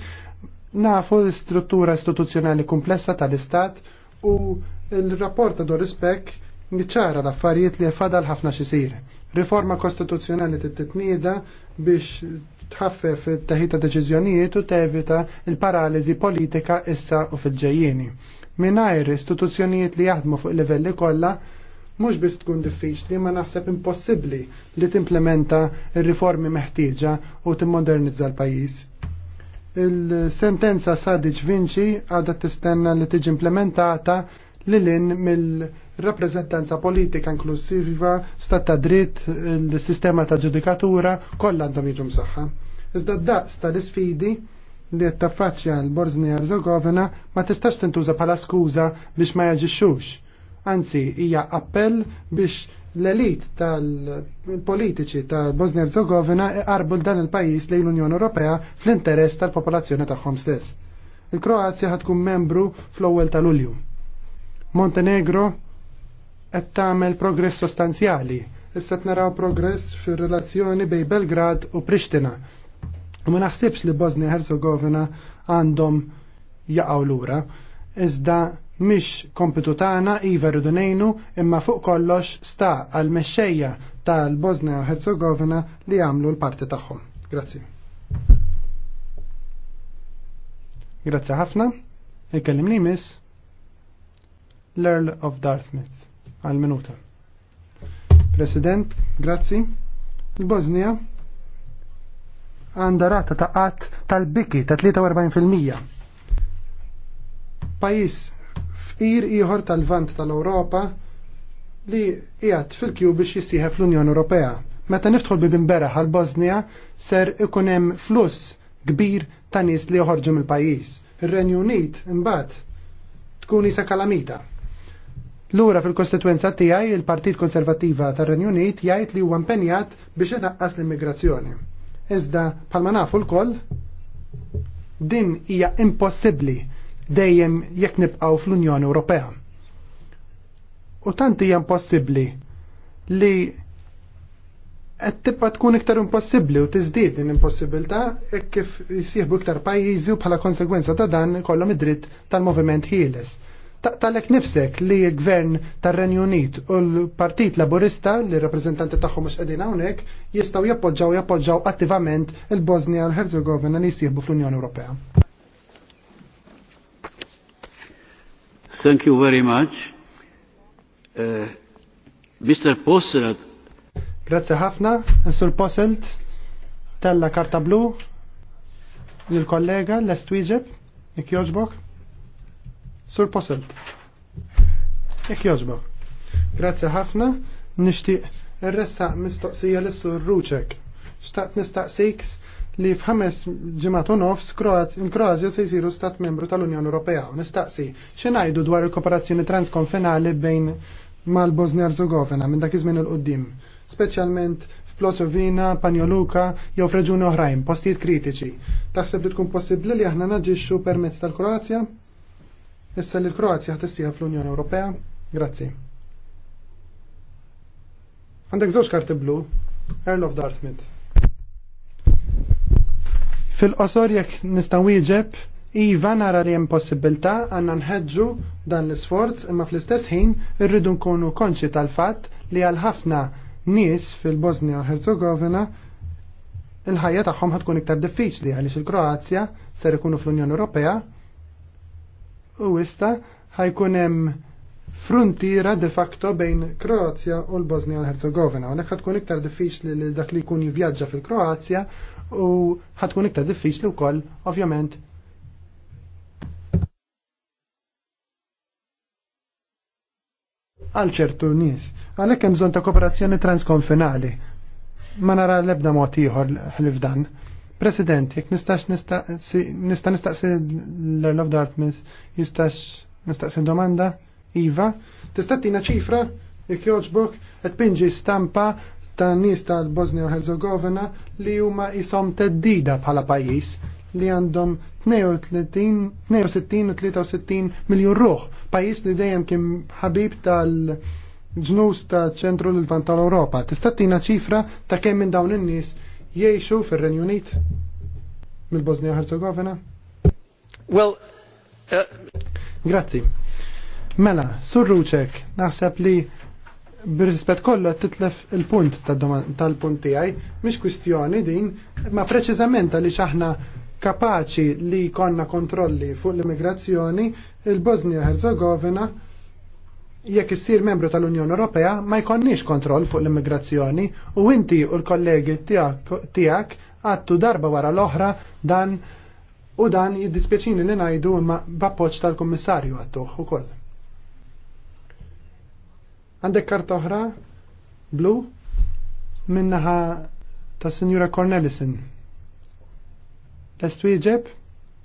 nafu l-struttura istituzzjonali komplessa tal-Istat u l-rapport ta' Dorispek ċara l-affarijiet li fadal ħafna xisir. Riforma kostituzzjonali titnieda biex tħaffef it-taħita deċiżjonijiet u tevita il-paraliżi politika issa u fil-ġejjieni. Minajr istituzzjonijiet li jaħdmu fuq livelli kollha mhux biss tkun diffiċli ma naħseb impossibbli li timplementa r-riformi meħtieġa u timmodernizza l-pajjiż il-sentenza Sadiċ Vinci għadha tistenna li tiġi implementata li lin mill-rappresentanza politika inklusiva, stat ta' dritt, il-sistema ta' ġudikatura, kollha għandhom jiġu msaħħa. Iżda d-daqs l isfidi li t taffaċċja l-Bosnia Herzegovina ma tistax tintuża bħala skuża biex ma jaġixxux. Anzi, hija appell biex l-elit tal-politiċi tal Bosnia Herzegovina iqarbu dan il-pajis lejn l-Unjoni Ewropea fl-interess tal-popolazzjoni tagħhom stess. Il-Kroazja ħad tkun membru fl-ewwel ta' Lulju. Montenegro qed tagħmel progress sostanzjali. Issa naraw progress fir-relazzjoni bej Belgrad u Prishtina. U ma naħsibx li Bosnia Herzegovina għandhom jaqgħu lura, iżda Mhix kompitu tagħna iva rridu imma fuq kollox sta għal mexxejja tal-Bosnia u Herzegovina li għamlu l-parti tagħhom. Grazzi. Grazzi ħafna. li miss l-Earl of Dartmouth għal minuta. President, grazzi. Il-Bosnia għandha rata ta' qatt tal-biki ta' 43%. Pajis ir ieħor tal-vant tal-Ewropa li qiegħed fil-kju biex jissiħe fl unjoni Ewropea. Meta niftħol bibin beraħ għal Bosnia ser ikun hemm fluss kbir ta' nies li joħorġu mill-pajjiż. Ir-Renju Unit imbagħad tkun isa kalamita. Lura fil-kostituenza tiegħi il-Partit Konservattiva tar-Renju Unit jgħid li huwa impenjat biex inaqqas l-immigrazzjoni. Iżda bħalma nafu l-koll din hija impossibbli dejjem jekk nibqgħu fl-Unjoni Ewropea. U tant hija impossibbli li qed tibqa' tkun iktar impossibbli u tiżdied din impossibilità hekk kif jsieħbu iktar pajjiżi u bħala konsegwenza ta' dan kollhom id-dritt tal-moviment ħieles. Taqtalek nifsek li l-gvern tar-Renju Unit u l-Partit Laburista li r r-reprezentanti tagħhom mhux qegħdin hawnhekk jistgħu jappoġġaw jappoġġaw attivament il-Bosnia l-Herzegovina li jsieħbu fl-Unjoni Ewropea. Thank you very much. Uh, Mr. Posselt. Grazie ħafna, Sur Posselt. Tella karta blu Il kollega Lest Wieġeb, jek joġbok. Sur Posselt. Jek joġbok. Grazie ħafna, nishtiq. il ressa mistoqsija l-Sur Ruċek. Xtaqt nistaqsiks li f'ħames ġimgħat u nofs il-Kroazja se jsiru stat membru tal-Unjoni Ewropea. Nistaqsi, x'ingħidu dwar il-kooperazzjoni transkonfinali bejn mal-Bosnia Herzegovina minn dak iż-żmien il-qudiem, speċjalment f'Plocovina, Panjoluka jew f'reġuni oħrajn, postijiet kritiċi. Taħseb li tkun possibbli li aħna naġixxu permezz tal-Kroazja? Issa li l-Kroazja ħtissija fl-Unjoni Ewropea? Grazzi. Għandek żewġ karti blu, Earl of Dartmouth. Fil-qosor jekk nista' wieġeb, iva nara li hemm possibilità għandna nħeġġu dan l-isforz imma fl-istess ħin irridu nkunu konċi tal-fatt li għal ħafna nies fil-Bosnia u Herzegovina il-ħajja tagħhom tkun iktar diffiċli għaliex il-Kroazja ser ikunu fl-Unjoni Ewropea u wista ħajkun hemm frontiera de facto bejn Kroazja u l-Bosnia u l-Herzegovina. Unek tkun iktar diffiċli li dak li jkun jivvjaġġa fil-Kroazja u ħatkun iktar diffiċli wkoll ovvjament għal ċertu nies. Għalhekk hemm bżonn ta' kooperazzjoni transkonfinali. Ma nara l-ebda mod ieħor ħlif dan. President, jekk nistax nista' nistaqsi l-Earl of Dartmouth, jistax nistaqsi domanda? Iva, tista' tina ċifra jekk joġbok qed pinġi stampa ta' nies tal-Bosnia u Herzegovina li huma isom teddida bħala pajjiż li għandhom 62 u 63 miljon ruħ, pajjiż li dejjem kien ħabib tal- ġnus ta' ċentru l-Lvant tal-Europa. Tista' ċifra ta' kemm minn dawn in-nies jgħixu fir-Renju Unit mill-Bosnia u Herzegovina? Well, uh... Grazzi. Mela, surruċek, naħseb li bir-rispett kollha titlef il-punt tal-punt tiegħi, mhix kwistjoni din, ma preċiżament għaliex aħna kapaċi li konna kontrolli fuq l-immigrazzjoni, il-Bosnia Herzegovina jekk issir membru tal-Unjoni Ewropea ma jkonniex kontroll fuq l-immigrazzjoni u inti u l-kollegi tiegħek għattu darba wara l-oħra dan u dan jiddispjaċini li ngħidu imma b'appoġġ tal-Kummissarju għattuh ukoll. Għandek karta oħra? Blu? Minnaħa ta' Sinjura Cornelison. Lest wieġeb?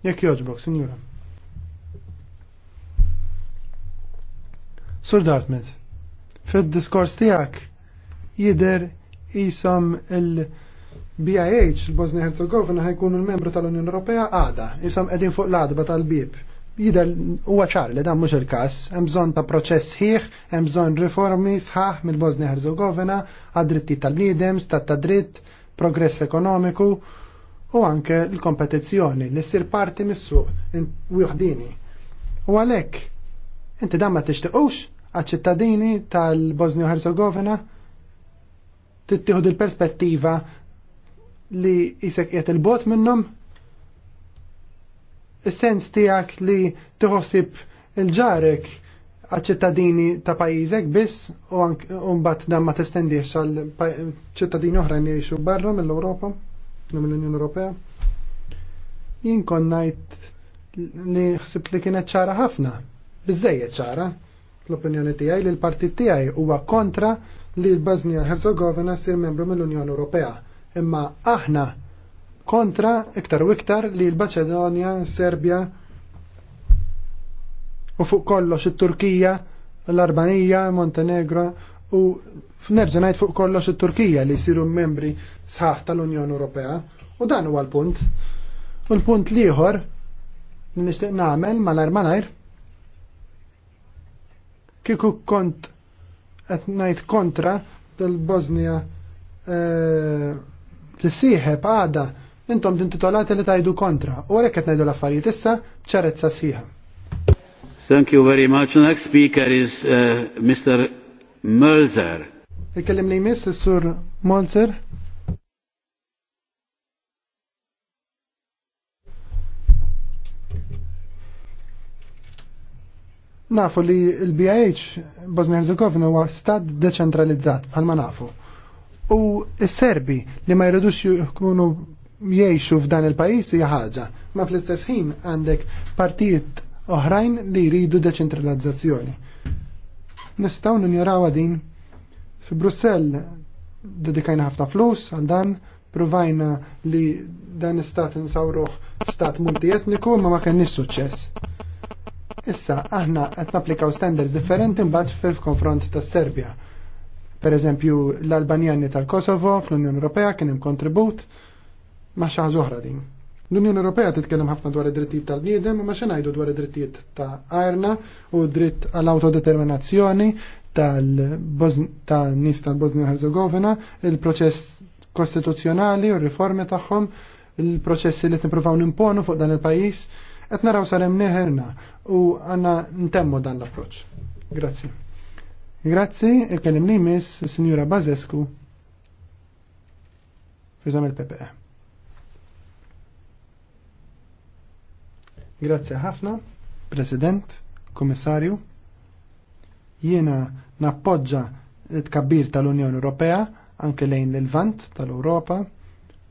jek joġbok, Sinjura. Sur Dartmouth, fil-diskors tijak jider jisom il-BIH, il-Bosnia Herzegovina, ħajkun il-membru tal-Unjoni Ewropea għada, jisom edin fuq l-adba tal-bib jidher huwa ċar li dan mhux il-każ, hemm bżonn ta' proċess ħieħ, hemm bżonn riformi sħaħ mill-Bosnia Herzegovina għad-dritti tal-bniedem, stat ta' dritt, progress ekonomiku u anke l-kompetizzjoni li ssir parti mis-suq wieħdini. U għalhekk inti dan ma tixtiqux għaċ-ċittadini tal-Bosnia Herzegovina tittieħu il-perspettiva li jisek qiegħed il-bot minnhom is-sens tiegħek li tħossib il-ġarek għal-ċittadini ta' pajjiżek biss u mbagħad dan ma testendiex għal ċittadini oħra jiexu jgħixu barra mill-Ewropa, mill-Unjoni Ewropea. Jien konnajt li ħsibt li kienet ċara ħafna, biżejjed ċara l-opinjoni tiegħi li l-partit tiegħi huwa kontra li l bosnia Herzegovina sir membru mill-Unjoni Ewropea. Imma aħna kontra iktar u iktar li l-Baċedonja, Serbja u fuq kollox it-Turkija, l-Arbanija, Montenegro u nerġa' fuq kollox it-Turkija li jsiru membri sħaħ tal-Unjoni Ewropea. U dan huwa l-punt. U l-punt liħor li nixtieq nagħmel malajr malajr kieku kont qed ngħid kontra tal-Bosnia tissieħeb eh, għada intom din tintitolati li tajdu kontra u għalhekk qed ngħidu l-affarijiet issa ċarezza sħiħa. Thank you very much. The Next speaker is uh, Mr. Mölzer. Il-kellim li jmiss is-sur Mölzer. Nafu li l-BIH Bosnia Herzegovina huwa stat deċentralizzat bħalma nafu. U s-Serbi li ma jridux jkunu jiexu f'dan il-pajis hija ħaġa, ma fl-istess ħin għandek partijiet oħrajn li jridu deċentralizzazzjoni. Nistgħu ninjorawha din fi Brussell dedikajna ħafna flus għal dan provajna li dan istat insawruh stat multietniku ma ma kenniex suċċess. Issa aħna qed napplikaw standards differenti mbagħad fil-konfront tas-Serbja. Per eżempju, l-Albanjani tal-Kosovo fl-Unjoni Ewropea kien hemm kontribut ma xi oħra din. L-Unjoni Ewropea titkellem ħafna dwar id-drittijiet tal-bniedem, ma xi ngħidu dwar id-drittijiet ta' arna u dritt għall autodeterminazzjoni tal-nies tal-Bosnia Herzegovina, il-proċess kostituzzjonali u riformi tagħhom, il-proċessi li tippruvaw nimponu fuq dan il-pajjiż, qed naraw sarem neħerna u għandna ntemmu dan l-approċċ. Grazzi. Grazzi, il-kellimni miss, Signora Bazescu, fizam il-PPE. Grazzi ħafna, President, Komissarju. Jiena nappoġġa t-kabbir tal-Unjoni Ewropea anke lejn l-Vant tal-Ewropa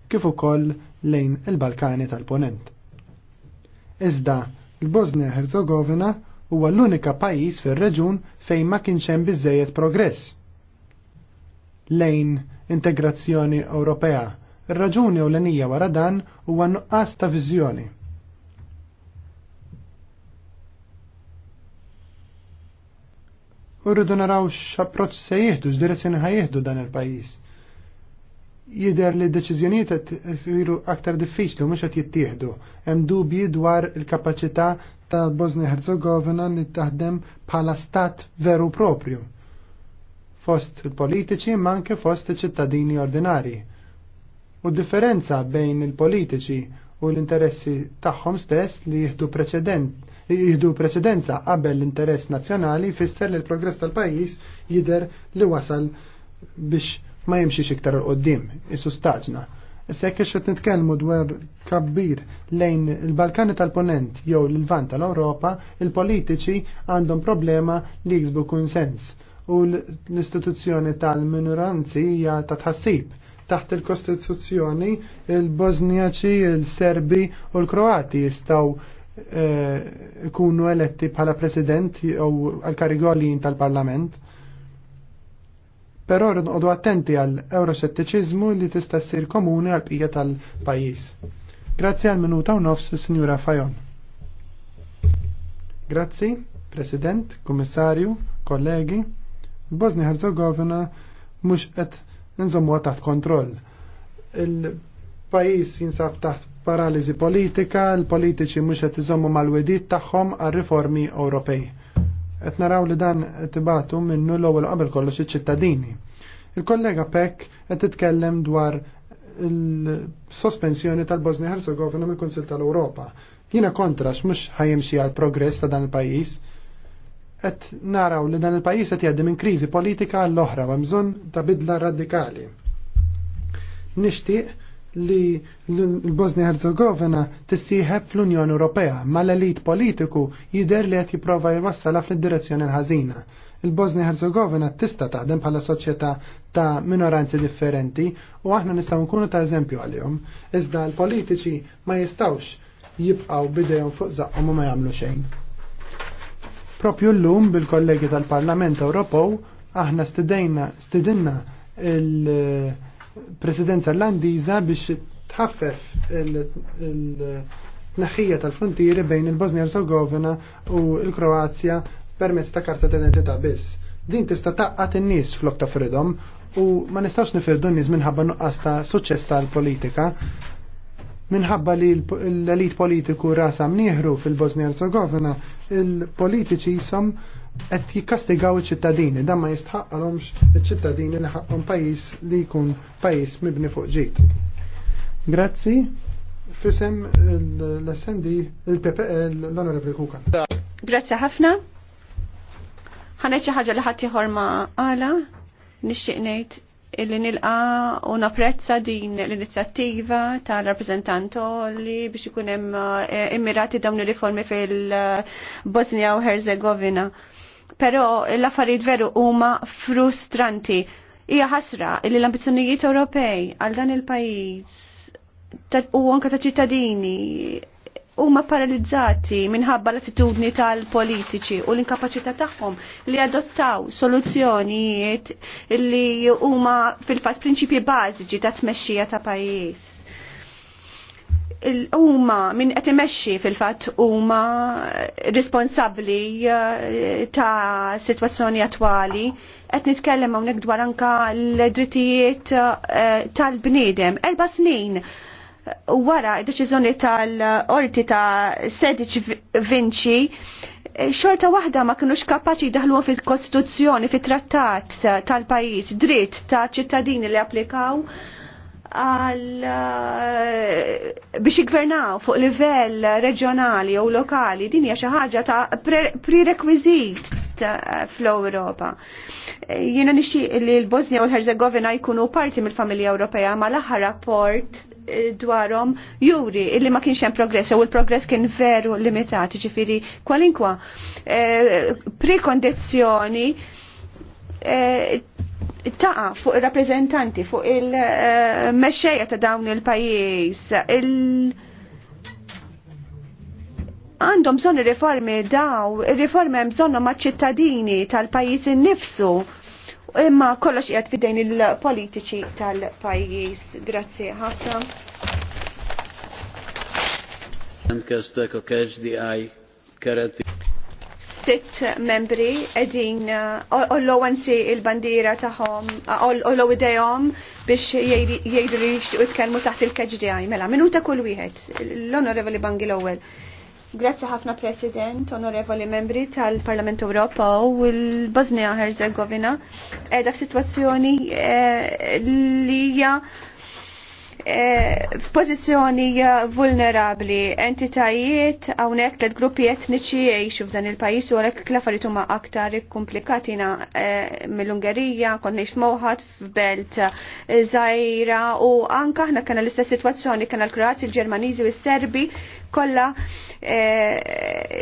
kif ukoll lejn il-Balkani tal-Ponent. Iżda l-Bosnia Herzegovina huwa l-unika pajjiż fir-reġun fejn ma kienx hemm biżejjed progress lejn integrazzjoni Ewropea. Ir-raġuni ewlenija wara dan huwa nuqqas ta' viżjoni u naraw x'approċċ se jieħdu, x'direzzjoni ħajjieħdu dan il-pajjiż. Jidher li d-deċiżjonijiet qed isiru aktar diffiċli u mhux qed jittieħdu. Hemm dubji dwar il-kapaċità ta' Bosnia Herzegovina li taħdem bħala stat veru propju. Fost il-politiċi ma anke fost il-ċittadini ordinari. U differenza bejn il-politiċi u l-interessi tagħhom stess li jieħdu preċedent jihdu precedenza qabel l-interess nazzjonali fisser li l-progress tal-pajis jider li wasal biex ma jimxiex iktar l-qoddim, isu staġna. Issa jekk qed nitkellmu dwar kabbir lejn il-Balkani tal-Ponent jew l-Lvant tal-Ewropa, il-politiċi għandhom problema li jiksbu kunsens u l-istituzzjoni tal-minoranzi hija ta' tħassib. Taħt il-Kostituzzjoni il-Bosniaċi, il-Serbi u l-Kroati jistgħu Eh, ikunu eletti bħala president jew għal-karigolin tal-parlament. Però rridu attenti għal euroxettiċiżmu li tista' ssir komuni għal bija tal-pajjiż. Grazzi għal minuta u nofs Sinjura Fajon. Grazzi, President, Kummissarju, kollegi. Bosnia Herzegovina mhux qed nżommu taħt kontroll. Il-pajjiż jinsab taħt paraliżi politika, l-politiċi mhux qed iżommu mal wedit tagħhom għar-riformi Ewropej. Qed naraw li dan tibatu minnu l-ewwel qabel kollox iċ-ċittadini. Il-kollega PEK qed titkellem dwar il-sospensjoni tal-Bosnia Herzegovina mill-Kunsil tal-Ewropa. Jiena kontra x'mhux ħajjimxi għal progress ta' dan il-pajjiż. Qed naraw li dan il-pajjiż qed jgħaddi minn kriżi politika għall-oħra u bżonn ta' bidla radikali. Nixtieq li l-Bosnia Herzegovina tissieħeb fl-Unjoni Ewropea ma l-elit politiku jider li qed jipprova jwassalha fl-direzzjoni l-ħażina. Il-Bosnia Herzegovina tista' taħdem bħala soċjetà ta' minoranzi differenti u aħna nistgħu nkunu ta' eżempju għalihom. Iżda l-politiċi ma jistgħux jibqgħu bidejhom fuq żaqhom u ma jagħmlu xejn. Propju llum bil-kollegi tal-Parlament Ewropew aħna stidejna stidinna il- presidenza Irlandiża biex tħaffef il-naħħija tal-frontieri bejn il-Bosnia Herzegovina u l-Kroazja permezz ta' karta d-identità biss. Din tista' taqqat in-nies flok ta' freedom u ma nistax nifirdu n-nies minħabba nuqqas ta' suċċess tal-politika minħabba li l-elit politiku rasa nieħru fil-Bosnia Herzegovina, il-politiċi jisom qed jikkastigaw iċ-ċittadini, dan ma jistħaqqalhomx iċ-ċittadini li ħaqhom pajjiż li jkun pajjiż mibni fuq ġid. Grazzi. Fisem l-assendi il-PPL l-Onorevoli Kuka. Grazzi ħafna. Ħanet xi ħaġa li ħadd ieħor ma qala nixtieq ngħid illi nilqa u napprezza din l-inizjattiva tal-rappresentant li biex ikun hemm eh, immirati dawn il-riformi fil-Bosnia u Herzegovina. Pero l-affarijiet veru huma frustranti. Hija ħasra li l-ambizzjonijiet Ewropej għal dan il-pajjiż u anke ta' ċittadini huma paralizzati minħabba l-attitudni tal-politiċi u l-inkapaċità tagħhom li adottaw soluzzjonijiet li huma fil-fatt prinċipji bażiċi ta' tmexxija ta' pajjiż huma min qed imexxi fil-fatt huma responsabbli eh, ta' sitwazzjoni attwali qed nitkellem għu dwar anka l-drittijiet eh, tal-bniedem. Erba' snin wara d-deċiżjoni tal-qorti ta' Sedic Vinci eh, xorta waħda ma kienux kapaċi daħlu fil-Kostituzzjoni, fit-trattat tal-pajis, dritt ta' ċittadini li applikaw għal eh, biex jgvernaw fuq livell reġjonali jew lokali din hija xi ħaġa ta' prerequisit eh, fl-Ewropa. Jiena nixi li l-Bosnia u l-Herzegovina jkunu parti mill-familja Ewropea ma l-aħħar rapport eh, dwarhom juri illi ma kienx hemm progress u l-progress kien veru limitat, ġifieri kwalinkwa prekondizzjoni Eh, taqa fuq il-rappresentanti, fuq il eh, mesċeja ta' dawn il-pajjiż, il għandhom bżonn reformi daw, riformi hemm bżonnhom maċ-ċittadini tal-pajjiż innifsu. Imma kollox qiegħed fidejn il-politiċi tal-pajjiż. Grazzi ħafna. Mkestek u keġ di għaj sitt membri edin uh, ollow għansi il-bandira taħom, uh, ollow idejom biex jgħidu li jixtiqu jitkellmu taħt il-keġdijaj. Mela, minuta kull wieħed, l-Onorevoli Bangi l-ewwel. Grazzi ħafna President, onorevoli membri tal-Parlament Ewropa u l-Bosnia Herzegovina edha f'sitwazzjoni eh, li hija Eh, f'pożizzjoni eh, vulnerabli entitajiet hawnhekk tliet gruppi etniċi jgħixu f'dan il-pajjiż u għalhekk l-affarijiet huma aktar komplikati eh, mill-Ungerija, konna moħħad f'belt Zajra, u anke aħna kena l-istess sitwazzjoni kena l-Kroati, l-Ġermaniżi u s-Serbi kollha eh,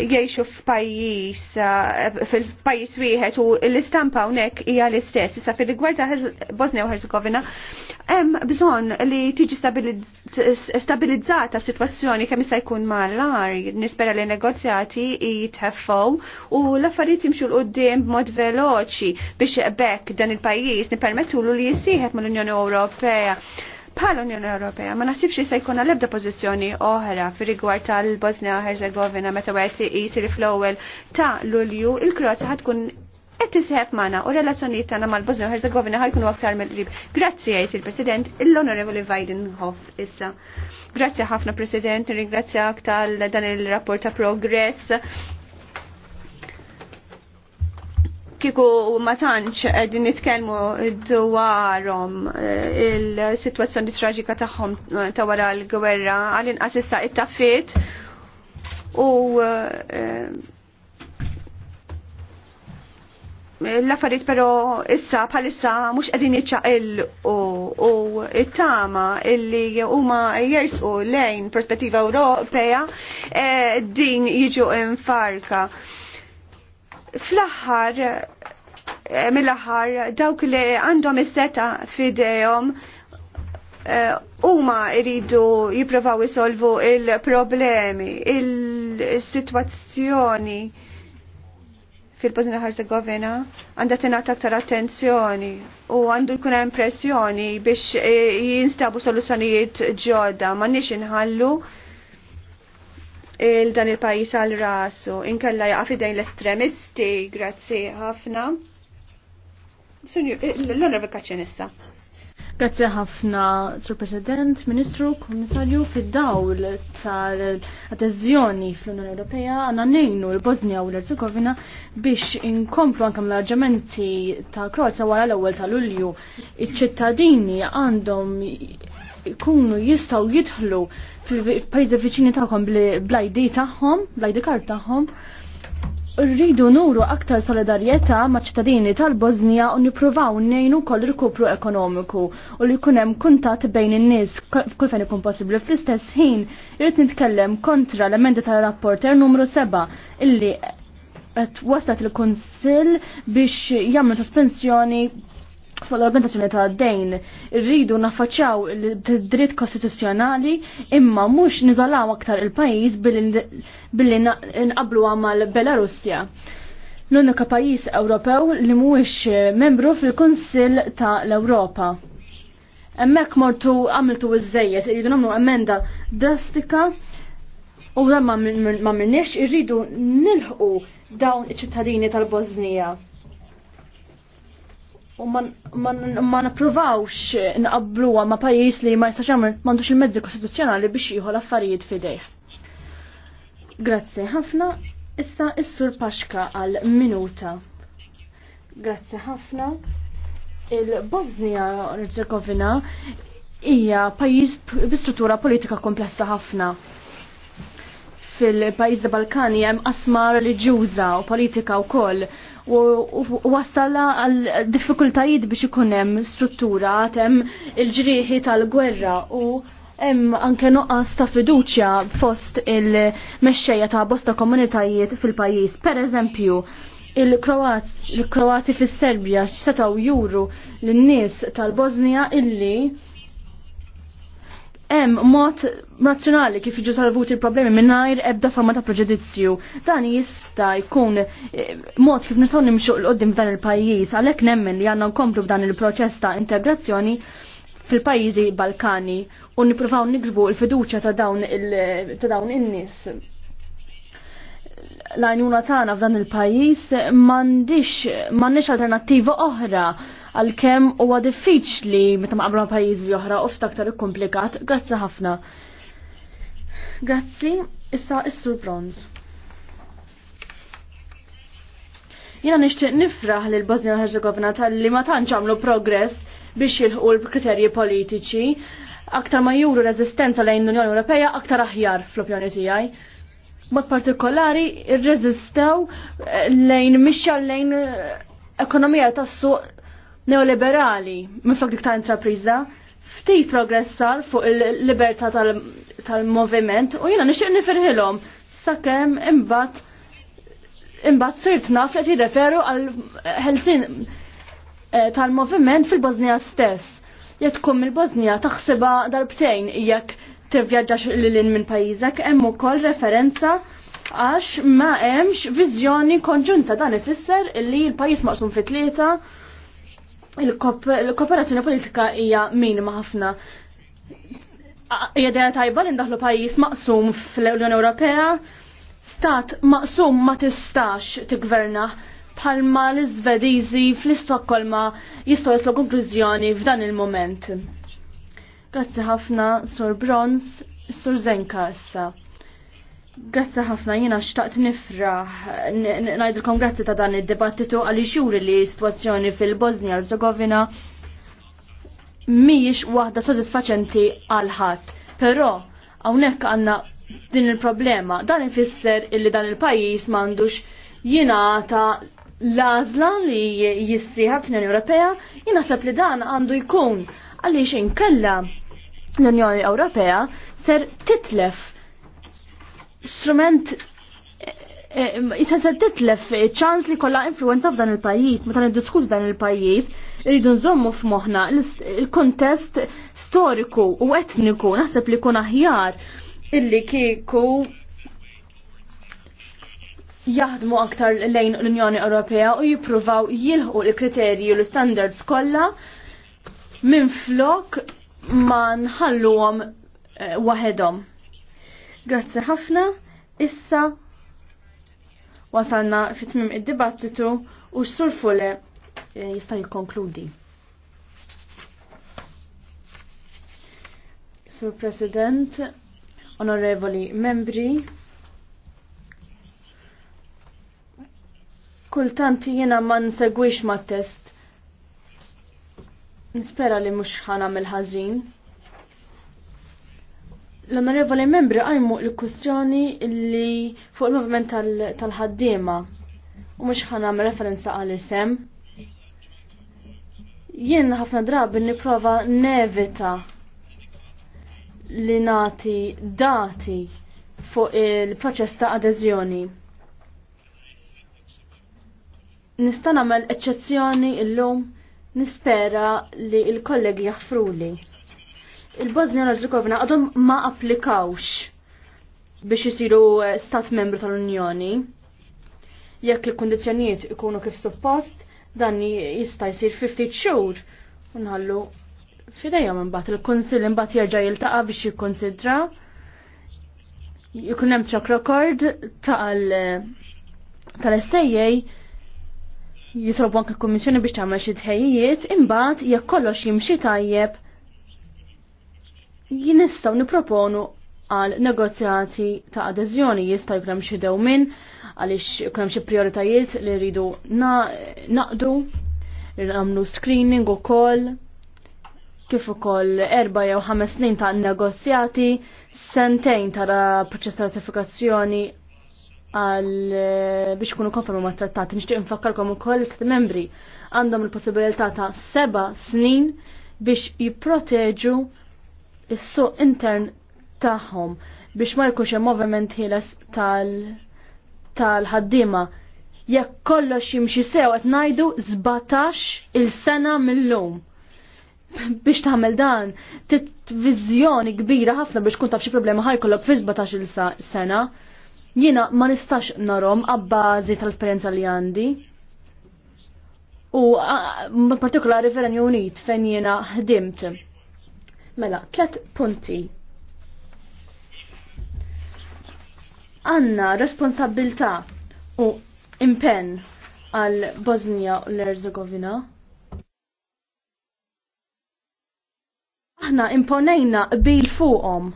jgħixu f'pajjiż eh, fil-pajjiż wieħed u l-istampa hawnhekk hija l-istess. Issa fil-rigward Bosnia u Herzegovina hemm bżonn li tiġi stabilizzata sitwazzjoni kemm issa jkun malar nispera li negozjati jitħeffow u l-affarijiet jimxu l-qudiem b'mod veloċi biex bekk dan il-pajjiż nippermettulu li jissieħed mal-Unjoni Ewropea bħal Unjoni Ewropea ma nasibx li se jkun l-ebda pożizzjoni oħra fir-rigward tal-Bosnia Herzegovina meta wieħed isir fl-ewwel ta' Lulju il-Kroazja ħadkun qed tisħeb magħna u relazzjonijiet tagħna mal-Bosnia Herzegovina ħajkunu aktar mill-qrib. Grazzi jgħid il-President l-Onorevoli Weidenhoff issa. Grazzi ħafna President, ringrazzjak tal dan il-rapport ta' progress kiku ma tantx qegħdin nitkellmu dwarhom eh, il-sitwazzjoni traġika tagħhom eh, ta' wara l-gwerra għalin inqas issa it-taffiet u eh, l-affarijiet però issa bħalissa mhux qegħdin jiċċaqilqu u it-tama illi huma jersqu lejn perspettiva Ewropea din jiġu infarka. farka Fl-aħħar eh, mill-aħħar dawk li għandhom is-seta f'idejhom eh, huma jridu jipprovaw isolvu il-problemi, il-sitwazzjoni fil-Bosnia Herzegovina għandha tingħata aktar attenzjoni u għandu jkun impressjoni biex eh, jinstabu soluzzjonijiet ġodda, ma nix inħallu il-dan il-pajis għal rasu, inkella jaqafidejn l-estremisti, grazzi ħafna. L-onorevoli Kaċenissa. Grazie ħafna, Sur President, Ministru, Kommissarju, fid-dawl tal-adezjoni fl-Unjoni Ewropea għanna nejnu l-Bosnia u l-Herzegovina biex inkomplu ankam l-arġamenti ta' Kroazja wara l-ewwel ta' Lulju. Iċ-ċittadini għandhom ikunu jistaw jidħlu fil-pajjiżi viċini tagħhom bl-ID tagħhom, bl-ID kart tagħhom rridu nuru aktar solidarjetà ma' ċittadini tal-Bosnija u nippruvaw nejnu kol rikupru ekonomiku u li jkun hemm kuntatt bejn in-nies kull fejn ikun possibbli fl-istess ħin irid nitkellem kontra l emenda tal-rapporter numru 7 illi qed waslet il-Kunsill biex jagħmlu sospensjoni fuq l organizzazzjoni ta' dejn rridu naffaċċaw il-dritt kostituzzjonali imma mhux niżolaw aktar il-pajjiż billi nqablu mal Belarusja. L-unika pajjiż Ewropew li mhuwiex eh, membru fil-Kunsill ta' l-Ewropa. Hemmhekk mortu għamiltu iż-żejjed, irridu nagħmlu emenda drastika u dan ma minniex irridu nilħqu dawn iċ-ċittadini tal-Bosnija u ma nappruvawx naqabluha ma' pajjiż li ma jistax jagħmel m'għandux il-mezzi kostituzzjonali biex jieħu l-affarijiet fidejh. Grazzi ħafna, issa issur Paxka għal minuta. Grazzi ħafna. Il-Bosnia Erzegovina hija pajjiż bi struttura politika komplessa ħafna fil-pajjiż Balkani hemm asma reliġjuża u politika wkoll u wassala għal diffikultajiet biex ikun hemm struttura hemm il-ġrieħi tal-gwerra u hemm anke noqqas ta' fiduċja fost il-mexxejja ta' bosta komunitajiet fil-pajjiż. Pereżempju, il-Kroati fis-Serbja setgħu juru lin-nies tal-Bosnija illi hemm mod razzjonali kif jiġu salvuti l-problemi mingħajr ebda forma ta' proġedizzju. Dan jista' jkun eh, mod kif nistgħu nimxu l qoddim f'dan il-pajjiż għalhekk nemmen li għandna nkomplu f'dan il-proċess ta' integrazzjoni fil-pajjiżi Balkani u nippruvaw niksbu l-fiduċja ta' dawn in-nies l-għajnuna tagħna f'dan il-pajjiż m'għandix m'għandniex alternattiva oħra għal kemm huwa diffiċli meta maqablu ma' pajjiżi oħra u f'taktar ikkomplikat. Grazzi ħafna. Grazzi, issa issur bronz. Jena nixtieq nifraħ lil Bosnia u Herzegovina tal-li ma tantx għamlu progress biex jilħu l-kriterji politiċi. Aktar ma juru rezistenza lejn l-Unjoni Ewropea, aktar aħjar fl-opjoni tiegħi mod partikolari rreżistew eh, lejn mixja lejn eh, ekonomija tas-suq neoliberali minflok dik ta' intrapriża, ftit progressar fuq il-libertà tal-moviment u jiena nixtieq nifirħilhom sakemm imbagħad imbagħad sirt naf li jirreferu għal ħelsin eh, tal-moviment fil-Bosnija stess. Jekk tkun il-Bosnija taħsibha darbtejn jekk tivvjaġġax lilin minn pajjiżek hemm ukoll referenza għax ma hemmx viżjoni konġunta dan ifisser li l-pajjiż maqsum fi tlieta il-kooperazzjoni politika hija minima ħafna. Hija tajba li ndaħlu pajjiż maqsum fl-Unjoni Ewropea, stat maqsum ma tistax tigverna bħalma l iżvediżi fl-Istokkolma jistgħu jislu konklużjoni f'dan il-moment. Grazzi ħafna Sur Bronz, Sur Zenka issa. Grazzi ħafna jina xtaqt nifraħ, najdilkom grazzi ta' dan id-dibattitu għal xuri li situazzjoni fil-Bosnia Herzegovina miex waħda sodisfaċenti għal ħadd. Però hawnhekk għandna din il-problema. Dan ifisser illi dan il-pajjiż m'għandux jingħata l-għażla li jissieħab fl Ewropea, jina sab li dan għandu jkun għaliex inkella l-Unjoni Ewropea ser titlef strument eh, eh, Issa titlef eh, ċans li kollha influenza f'dan il-pajjiż, meta diskut dan il-pajjiż, irridu nżommu f'moħħna il-kontest storiku u etniku, naħseb li jkun aħjar illi kieku jaħdmu aktar lejn l-Unjoni Ewropea u jippruvaw jilħu l-kriterji u l-standards kollha minn flok ma nħalluhom eh, waħedhom. Grazzi ħafna, issa wasalna fitmim id-dibattitu u s-sur Fule eh, jista' jikkonkludi. Sur President, onorevoli membri, kultanti jiena ma nsegwix ma test Nispera li mhux ħanamel ħażin. L-onorevoli membri għajmu l-kustjoni li fuq il-movement tal-ħaddiema u mhux ħanamel referenza għal isem. Jien ħafna drabi nipprova nevita li nati dati fuq il-proċess ta' adeżjoni. Nista' nagħmel eċċezzjoni llum Nispera li il-kollegi jaffruli. Il-Bosnia Herzegovina għadhom ma applikawx biex isiru eh, stat membru tal-Unjoni. Jekk il-kondizjonijiet ikunu kif suppost, dan jista' jsir 50 xhur. Unħallu fidejja minn bat il kunsill imbagħad jerġa' jiltaqa' biex jikkonsidra. Jkun hemm track record tal eh, tal jisrobu anke l-Kummissjoni biex tagħmel xi tħejjiet, imbagħad jekk kollox jimxi tajjeb jinistgħu nipproponu għal negozjati ta' adeżjoni jista' jkun hemm xi dewmin għaliex jkun hemm xi prioritajiet li rridu naqdu, nagħmlu screening ukoll kif ukoll erba' jew ħames snin ta' negozjati, sentejn tara proċess ratifikazzjoni għal eh, biex kunu konformi ma' trattati. Nixtieq infakkarkom ukoll l-Stati membri għandhom il-possibilità ta' seba snin biex jipproteġu is-suq intern tagħhom biex ma jkunx hemm moviment tal tal-ħaddiema. Jekk kollox jimxi sew qed ngħidu 17 il-sena mill-lum biex tagħmel dan tit vizjoni kbira ħafna biex kun taf xi problema ħajkollok fi 17 sena. Jiena ma nistax narom għabbażi tal esperienza li għandi. U partikolari fil Unit fejn jiena ħdimt. Mela, tlet punti. Għanna responsabilta u impen għal Bosnia u l-Erzegovina. Aħna imponejna bil fuqhom.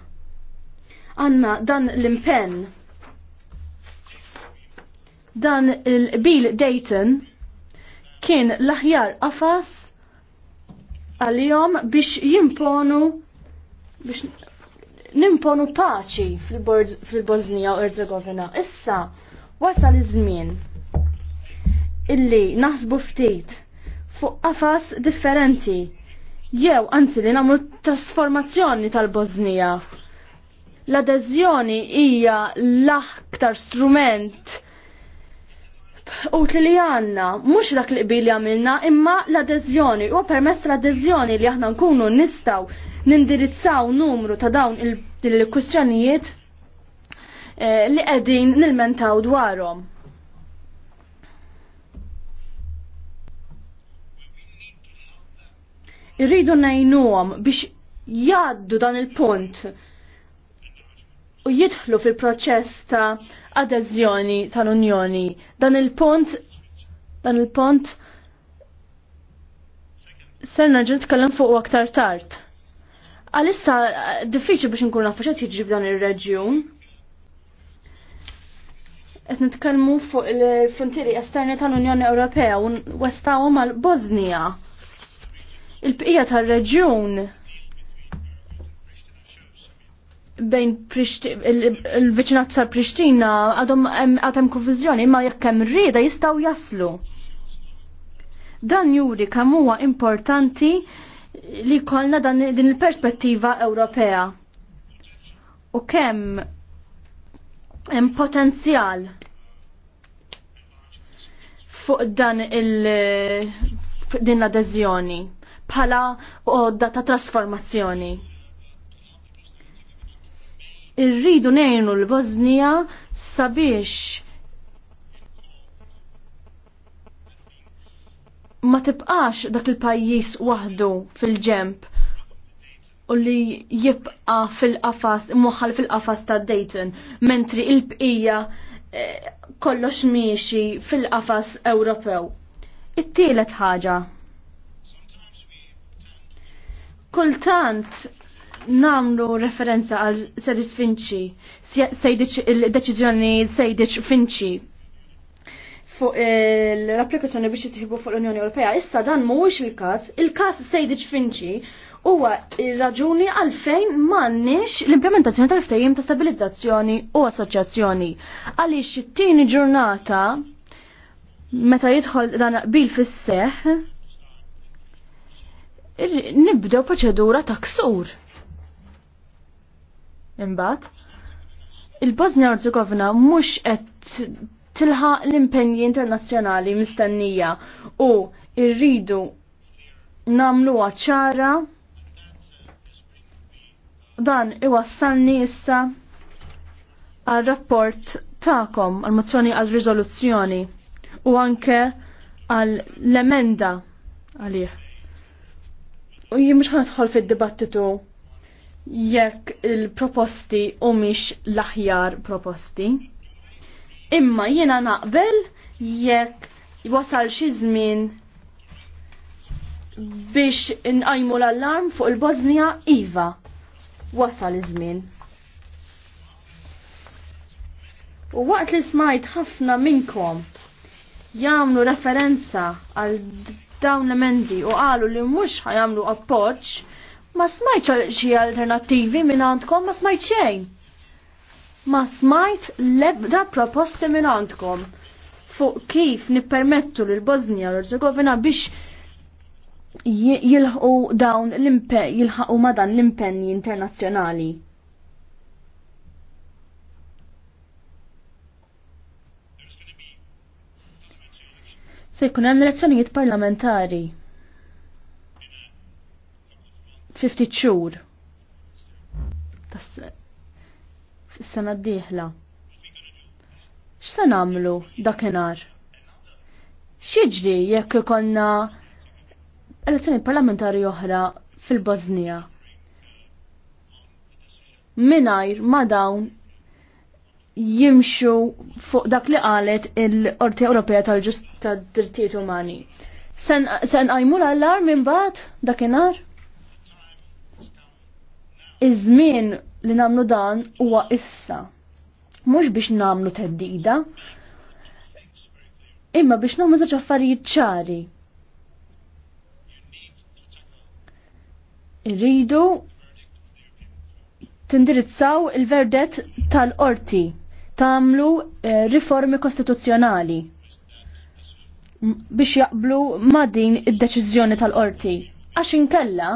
Għanna dan l-impenn Dan il-bil Dayton kien l-aħjar qafas għal-jom biex jimponu biex nimponu paċi fil-Bosnija u Erzegovina. Issa, wasal iż-żmien illi naħsbu ftit fuq qafas differenti. Jew anzi li nagħmlu trasformazzjoni tal-Bosnija. L-adeżjoni hija l-aktar strument Ut li għanna, mux dak li qbil għamilna, imma l-adezjoni, u permess l-adezjoni li aħna nkunu nistaw nindirizzaw numru ta' dawn il-kustjonijiet eh, li qegħdin mentaw dwarhom. Irridu ngħinuhom biex jgħaddu dan il-punt u jidħlu fil-proċess ta' adeżjoni tal-Unjoni. Dan il-punt dan il-punt ser nerġa' nitkellem fuq aktar tard. Għalissa diffiċli biex nkun nafu jġib jiġri f'dan ir-reġjun. Qed nitkellmu fuq il-frontieri esterni tal-Unjoni Ewropea u westawu mal-Bosnija. Il-bqija tar-reġjun bejn il-viċinat sar Prishtina għadhom għatem konfuzjoni imma jekk hemm rieda jistgħu jaslu. Dan juri kemm huwa importanti li kollna din il-perspettiva Ewropea. U kemm hemm potenzjal fuq dan il din l-adeżjoni bħala għodda ta' trasformazzjoni irridu nejnu l-Bosnija sabiex ma tibqax dak il-pajjiż waħdu fil-ġemp u li jibqa fil-qafas, moħħal fil-qafas ta' Dayton, mentri il-bqija eh, kollox miexi fil-qafas Ewropew. It-tielet ħaġa. Kultant namlu referenza għal Sedis Finci, il-deċizjoni Sejdiċ Finci fuq l-applikazzjoni biex jisibu fuq l-Unjoni Ewropea. Issa dan mhuwiex il-każ, il-każ Sejdiċ Finci huwa raġuni għalfejn m'għandniex l-implementazzjoni tal-ftehim ta' stabilizzazzjoni u assoċjazzjoni. Għaliex it-tieni ġurnata meta jidħol dan qbil fis-seħ nibdew proċedura ta' ksur Imbagħad, il-Bosnia Herzegovina mhux qed tilħa l-impenji internazzjonali mistennija u irridu namlu ċara dan iwassalni issa għal rapport ta'kom għal mozzjoni għal riżoluzzjoni u anke għal l-emenda għalih. U jien mhux ħanadħol fid-dibattitu jekk il-proposti u miex l-aħjar proposti. Imma jiena naqbel jekk wasal xi żmien biex inqajmu l-allarm fuq il bosnia Iva. Wasal iż-żmien. U waqt li smajt ħafna minnkom jagħmlu referenza għal dawn l-emendi u qalu li mhux ħajamlu appoġġ Ma smajt xi alternattivi minn għandkom, ma smajt xejn. Ma smajt lebda proposti minn għandkom fuq kif nippermettu lil Bosnia l herzegovina biex jilħu dawn l-impenn, jilħu madan l-impenni internazzjonali. se jkun hemm elezzjonijiet parlamentari. 50 xhur. Fis-sena d-dieħla. X'se nagħmlu dakinhar? X'jiġri jekk ikollna elezzjoni parlamentari oħra fil-Bosnija? Minajr ma dawn jimxu fuq dak li qalet il-Qorti Ewropea tal-Ġust tad-Drittijiet Umani. Sen għajmu l-allarm minn bat dakinhar? Iż-żmien li namlu dan huwa issa. Mhux biex namlu teddida, imma biex nagħmlu żewġ affarijiet ċari. Irridu tindirizzaw il-verdet tal-qorti, tamlu eh, riformi kostituzzjonali biex jaqblu ma' din id-deċiżjoni tal-qorti. Għax inkella,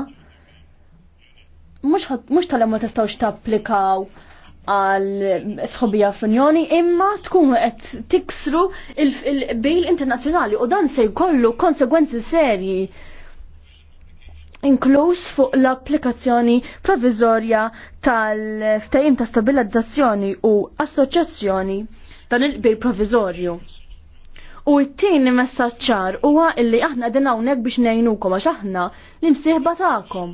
mux tal ma tistawx tapplikaw għal sħobija f'unjoni imma tkun qed tiksru il-bil internazzjonali u dan se jkollu konsegwenzi serji inkluż fuq l-applikazzjoni provizorja tal-ftajim ta' stabilizzazzjoni u assoċjazzjoni dan il-bil provizorju. U t-tieni messaċċar huwa illi aħna din hawnhekk biex ngħinukom għax aħna l-imsieħba tagħkom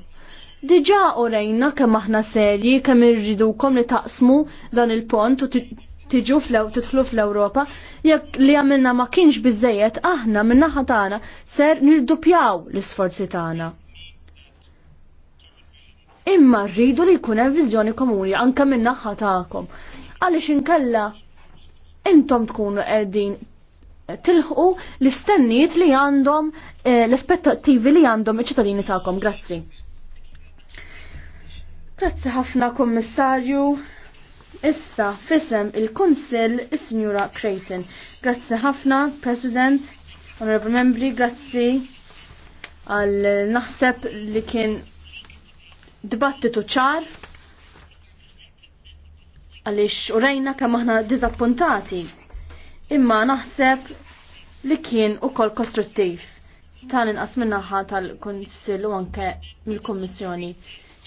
Diġa orejna kemm aħna serji kemm irridukom li taqsmu dan il-pont u tiġu flew titħlu fl-Ewropa, jekk li għamilna ma kienx biżejjed aħna minn naħa tagħna ser nirdupjaw l-isforzi tagħna. Imma rridu li jkun hemm viżjoni komuni anke minn naħa tagħkom. Għaliex inkella intom tkunu qegħdin tilħu l-istennijiet li għandhom eh, l-aspettattivi li għandhom iċ-ċittadini tagħkom. Grazzi. Grazzi ħafna kommissarju. Issa fisem il-Kunsill is-Sinjura Creighton. Grazzi ħafna, President, Honorable Membri, grazzi għal naħseb li kien dibattitu ċar għalix urejna kemm aħna dizappuntati. Imma naħseb li kien ukoll kostruttiv tal inqas minnaħa tal-Kunsill u anke mill kummissjoni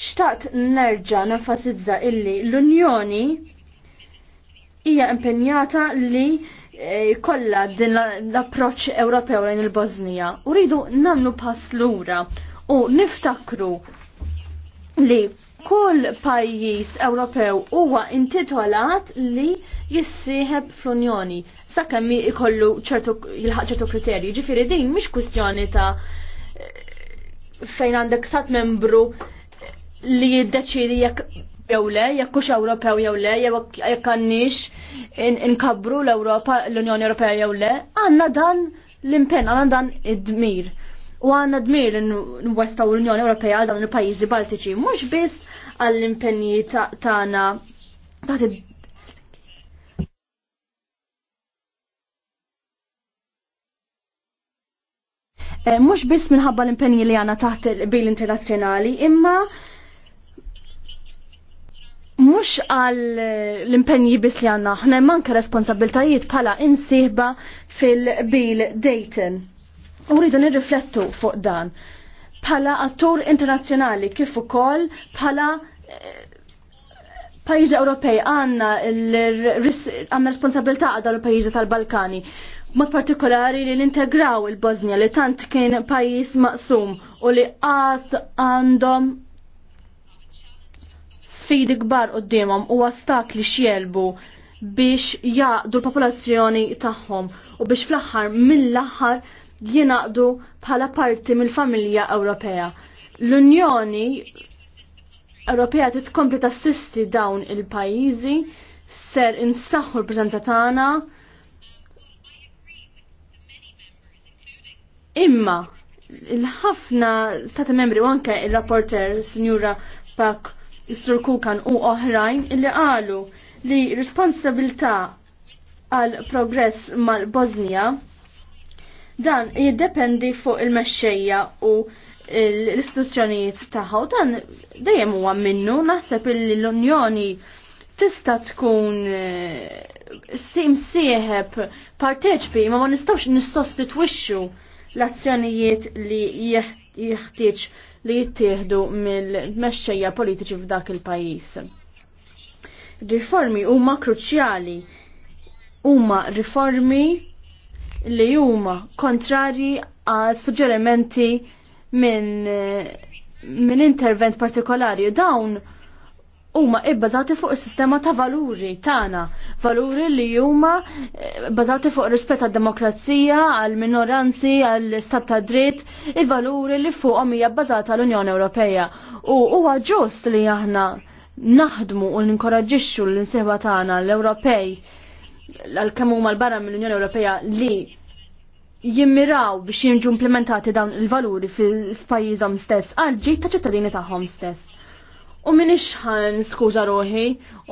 Xtaqt nerġa' nenfasizza illi l-Unjoni hija impenjata li eh, kollha din l-approċċ Ewropew lejn il-Bosnija. U rridu nagħmlu pass lura u niftakru li kull pajjiż Ewropew huwa intitolat li jissieħeb fl-Unjoni. Sakemm ikollu ċertu jilħaq ċertu kriterji, ġifieri din mhix kwistjoni ta' eh, fejn għandek sat membru li jiddeċidi jekk jew le, jekk hux Ewropew jew le, jew jekk għandniex inkabbru l-Ewropa l-Unjoni Ewropea jew le, għandna dan l-impenn, għandna dan id-dmir. U għandna dmir n-westaw l-Unjoni Ewropea għal dawn il-pajjiżi Baltiċi, mhux biss għall-impenji tagħna ta' eh, mux biss minħabba l-impenji li għana taħt il-bil internazzjonali, imma mux għal eh, l-impenji bis li għanna ħna manka responsabiltajiet pala insiħba fil-bil Dayton. U rridu nirriflettu fuq dan. Pala attur internazzjonali kif ukoll pala eh, pajjiżi Ewropej għanna għanna responsabilta għadha l-pajjiżi tal-Balkani. Mod partikolari li l-integraw il-Bosnia li tant kien pajjiż maqsum u li għas għandhom sfidi kbar qoddimhom u ostakli xjelbu biex jaqdu l-popolazzjoni tagħhom u biex fl-aħħar mill-aħħar jinaqdu bħala parti mill-familja Ewropea. L-Unjoni Ewropea titkompli tassisti dawn il-pajjiżi ser insaħħu l-preżenza tagħna imma il-ħafna stati membri u anke il-rapporter Sinjura Pak Is-Sur Kukan u oħrajn li qalu li responsabilità għal progress mal-Bosnija dan jiddependi fuq il-mexxejja u l-istituzzjonijiet tagħha u dan dejjem huwa minnu naħseb li l-Unjoni tista' tkun eh, sim sieħeb parteċpi ma ma nistgħux nissostitwixxu l-azzjonijiet li jeħtieġ li jittieħdu mill-mexxejja politiċi f'dak il-pajjiż. Riformi huma kruċjali huma riformi li huma kontrari għal suġġerimenti minn min intervent partikolari dawn huma ibbażati fuq is-sistema ta' valuri tagħna, valuri li huma bbażati eh, fuq rispett għad-demokrazija, għall-minoranzi, għall-istat ta' dritt, il-valuri li fuqhom hija bbażata l-Unjoni Ewropea. U huwa ġust li aħna naħdmu u ninkoraġixxu l-insieħba tagħna l-Ewropej għal-kemm huma l-barra mill-Unjoni Ewropea li jimmiraw biex jinġu implementati dawn il-valuri fil-pajjiżhom stess għal ta' ċittadini tagħhom stess. U min ixħan skuża ruħi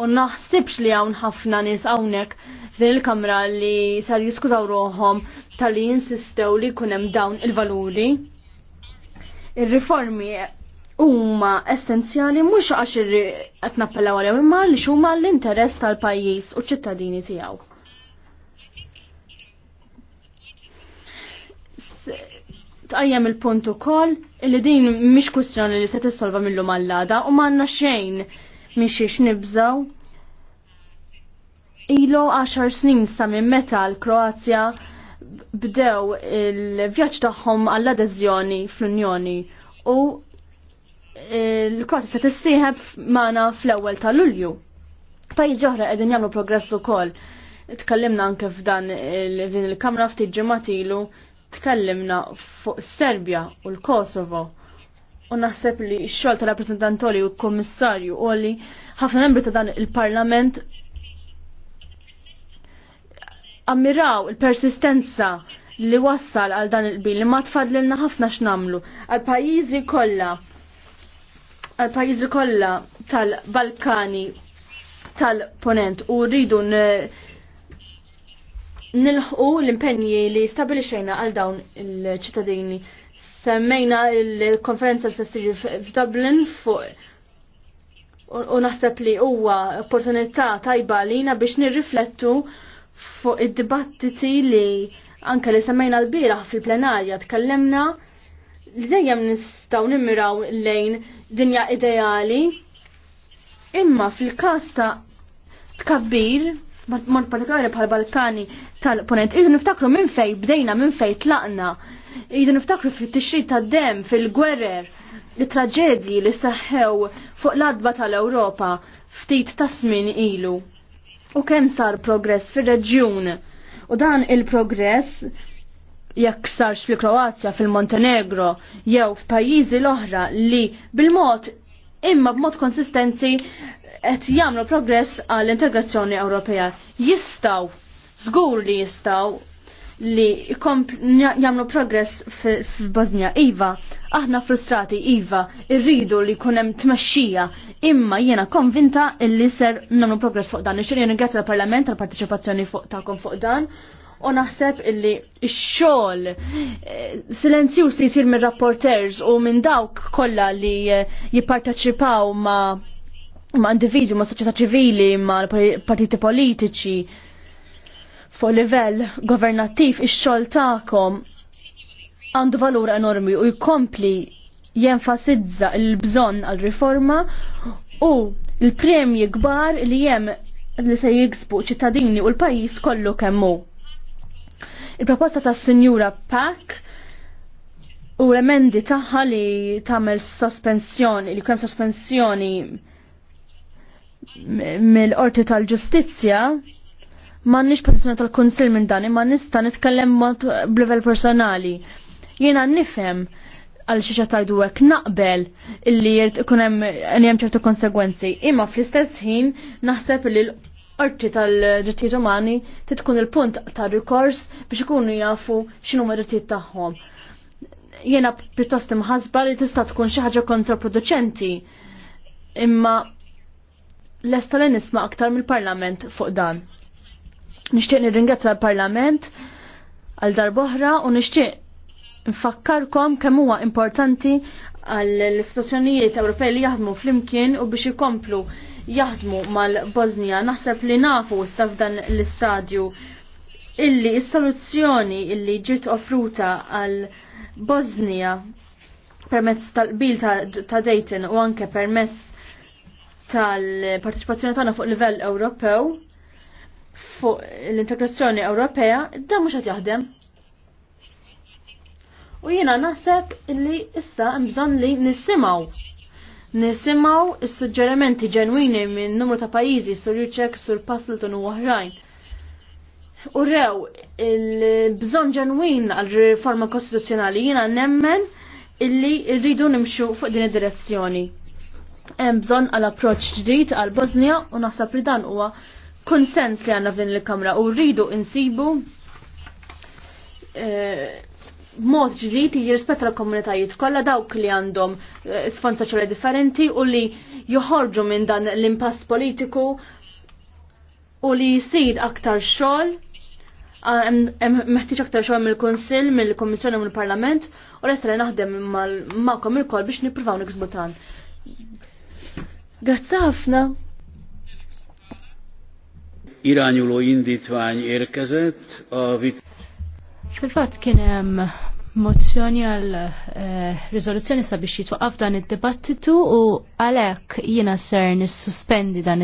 u naħsibx li hawn ħafna nies hawnhekk f'din il-kamra li sar jiskużaw ruħhom tal-li jinsistew li jkun hemm dawn il-valuri. Ir-riformi huma essenzjali mhux għax qed nappellaw għalhom imma għaliex huma l-interess tal-pajjiż u ċ-ċittadini tiegħu. tqajjem il-punt ukoll illi din mhix kwistjoni li se tissolva millu għall-għada u m'għandna xejn mhix nibżgħu Ilu 10 snin sa minn meta l-Kroazja bdew il-vjaġġ tagħhom għall-adeżjoni fl-Unjoni u l-Kroazja se tissieħeb magħna fl-ewwel ta' Lulju. Pajjiżi oħra qegħdin jagħmlu progress ukoll. Tkellimna anke f'dan il-kamra ftit ġimgħat ilu tkellimna fuq Serbja u l-Kosovo u naħseb li x-xogħol tal-rappresentantoli u l-Kommissarju u li ħafna membri ta' dan il-Parlament ammiraw il-persistenza li wassal għal dan il-bil li ma tfadlilna ħafna x'namlu għal pajjiżi kollha għal pajjiżi kollha tal-Balkani tal-Ponent u rridu nilħu l-impenji li stabilixejna għal dawn il-ċittadini. Semmejna il-konferenza s-sessir f'Dublin fuq u naħseb li huwa opportunità tajba lina biex nirriflettu fuq id-dibattiti li anke li semmejna l-bieraħ fil-plenarja tkellemna li dejjem nistgħu nimmiraw lejn dinja ideali imma fil-każ ta' tkabbir mod partikolari bħal Balkani tal-ponent, irridu niftakru minn fej bdejna, minn fej tlaqna, irridu niftakru fit tixri tad-dem, fil-gwerer, it-traġedji li saħħew fuq l-adba tal-Ewropa ftit ta' smin ilu. U kemm sar progress fir-reġjun. U dan il-progress jekk sarx fil-Kroazja, fil-Montenegro, jew f'pajjiżi l-oħra li bil-mod imma b'mod konsistenzi qed jagħmlu progress għall-integrazzjoni Ewropea. Jistaw, żgur li jistaw li jagħmlu progress f'Bosnia. Iva, aħna frustrati, Iva, irridu li jkun hemm tmexxija, imma jiena konvinta illi ser nagħmlu progress fuq dan. Ixtieq ringrazzja l-Parlament tal-partiċipazzjoni fuq tagħkom fuq dan u naħseb illi xol eh, silenzjus li jisir minn rapporters u minn dawk kollha li eh, jipparteċipaw ma' ma' individwi, ma' soċjetà ċivili, ma' partiti politiċi, fuq livell governattiv ix-xogħol tagħkom għandu valur enormi u jkompli jenfasizza l-bżonn għal riforma u l-premji kbar li hemm li se jiksbu ċittadini u l-pajjiż kollu kemm hu. Il-proposta tas-Sinjura Pak u l-emendi tagħha li tagħmel sospensjoni li kemm sospensjoni mill-qorti tal-ġustizzja m'għandniex pozizjoni tal-Kunsill minn dan imma nista' nitkellem b'livell personali. Jiena nifhem għal xi tajdu hekk naqbel illi jkun hemm hemm ċertu konsegwenzi. Imma fl-istess ħin naħseb li l-qorti tal drittijiet umani titkun il-punt ta' rikors biex ikunu jafu x'inhuma d-drittijiet tagħhom. Jiena pjuttost imħasba li tista' tkun xi ħaġa kontraproduċenti imma lesta li nisma aktar mill-Parlament fuq dan. Nixtieq nirringazza l-Parlament għal darboħra u nixtieq nfakkarkom kemm huwa importanti għall-istituzzjonijiet Ewropej li jaħdmu flimkien u biex ikomplu jaħdmu mal-Bosnija. Naħseb li nafu sta f'dan l-istadju illi s-soluzzjoni illi ġiet offruta għal-Bosnija permezz tal-bil ta' Dayton u anke permezz tal-partiċipazzjoni tagħna fuq livell Ewropew fuq l-integrazzjoni Ewropea, da mhux qed jaħdem. U jiena naħseb illi issa hemm bżonn li nisimgħu nisimgħu s suġġerimenti ġenwini minn numru ta' pajjiżi sur Juċek, sur Pastleton u oħrajn. U rew il-bżonn ġenwin għal riforma kostituzzjonali jiena nemmen illi rridu nimxu fuq din id-direzzjoni hemm bżonn għal approċċ ġdid għal Bosnija u naħseb li dan huwa konsens li għandna f'din il-Kamra u rridu insibu eh, mod ġdid jirrispetta l-komunitajiet kollha dawk li għandhom eh, sfond soċjali differenti u li joħorġu minn dan l-impass politiku u li jsir aktar xogħol ah, meħtieġ aktar xogħol mill-Kunsill, mill-Kummissjoni u mill-Parlament u resta li naħdem magħkom il biex nippruvaw niksbu tan. Grazzi ħafna. Irányuló indítvány érkezett a vit... Fil-fat kien hemm mozzjoni għal eh, riżoluzzjoni sabiex jitwaqaf dan id-dibattitu u għalek jiena ser nissuspendi dan id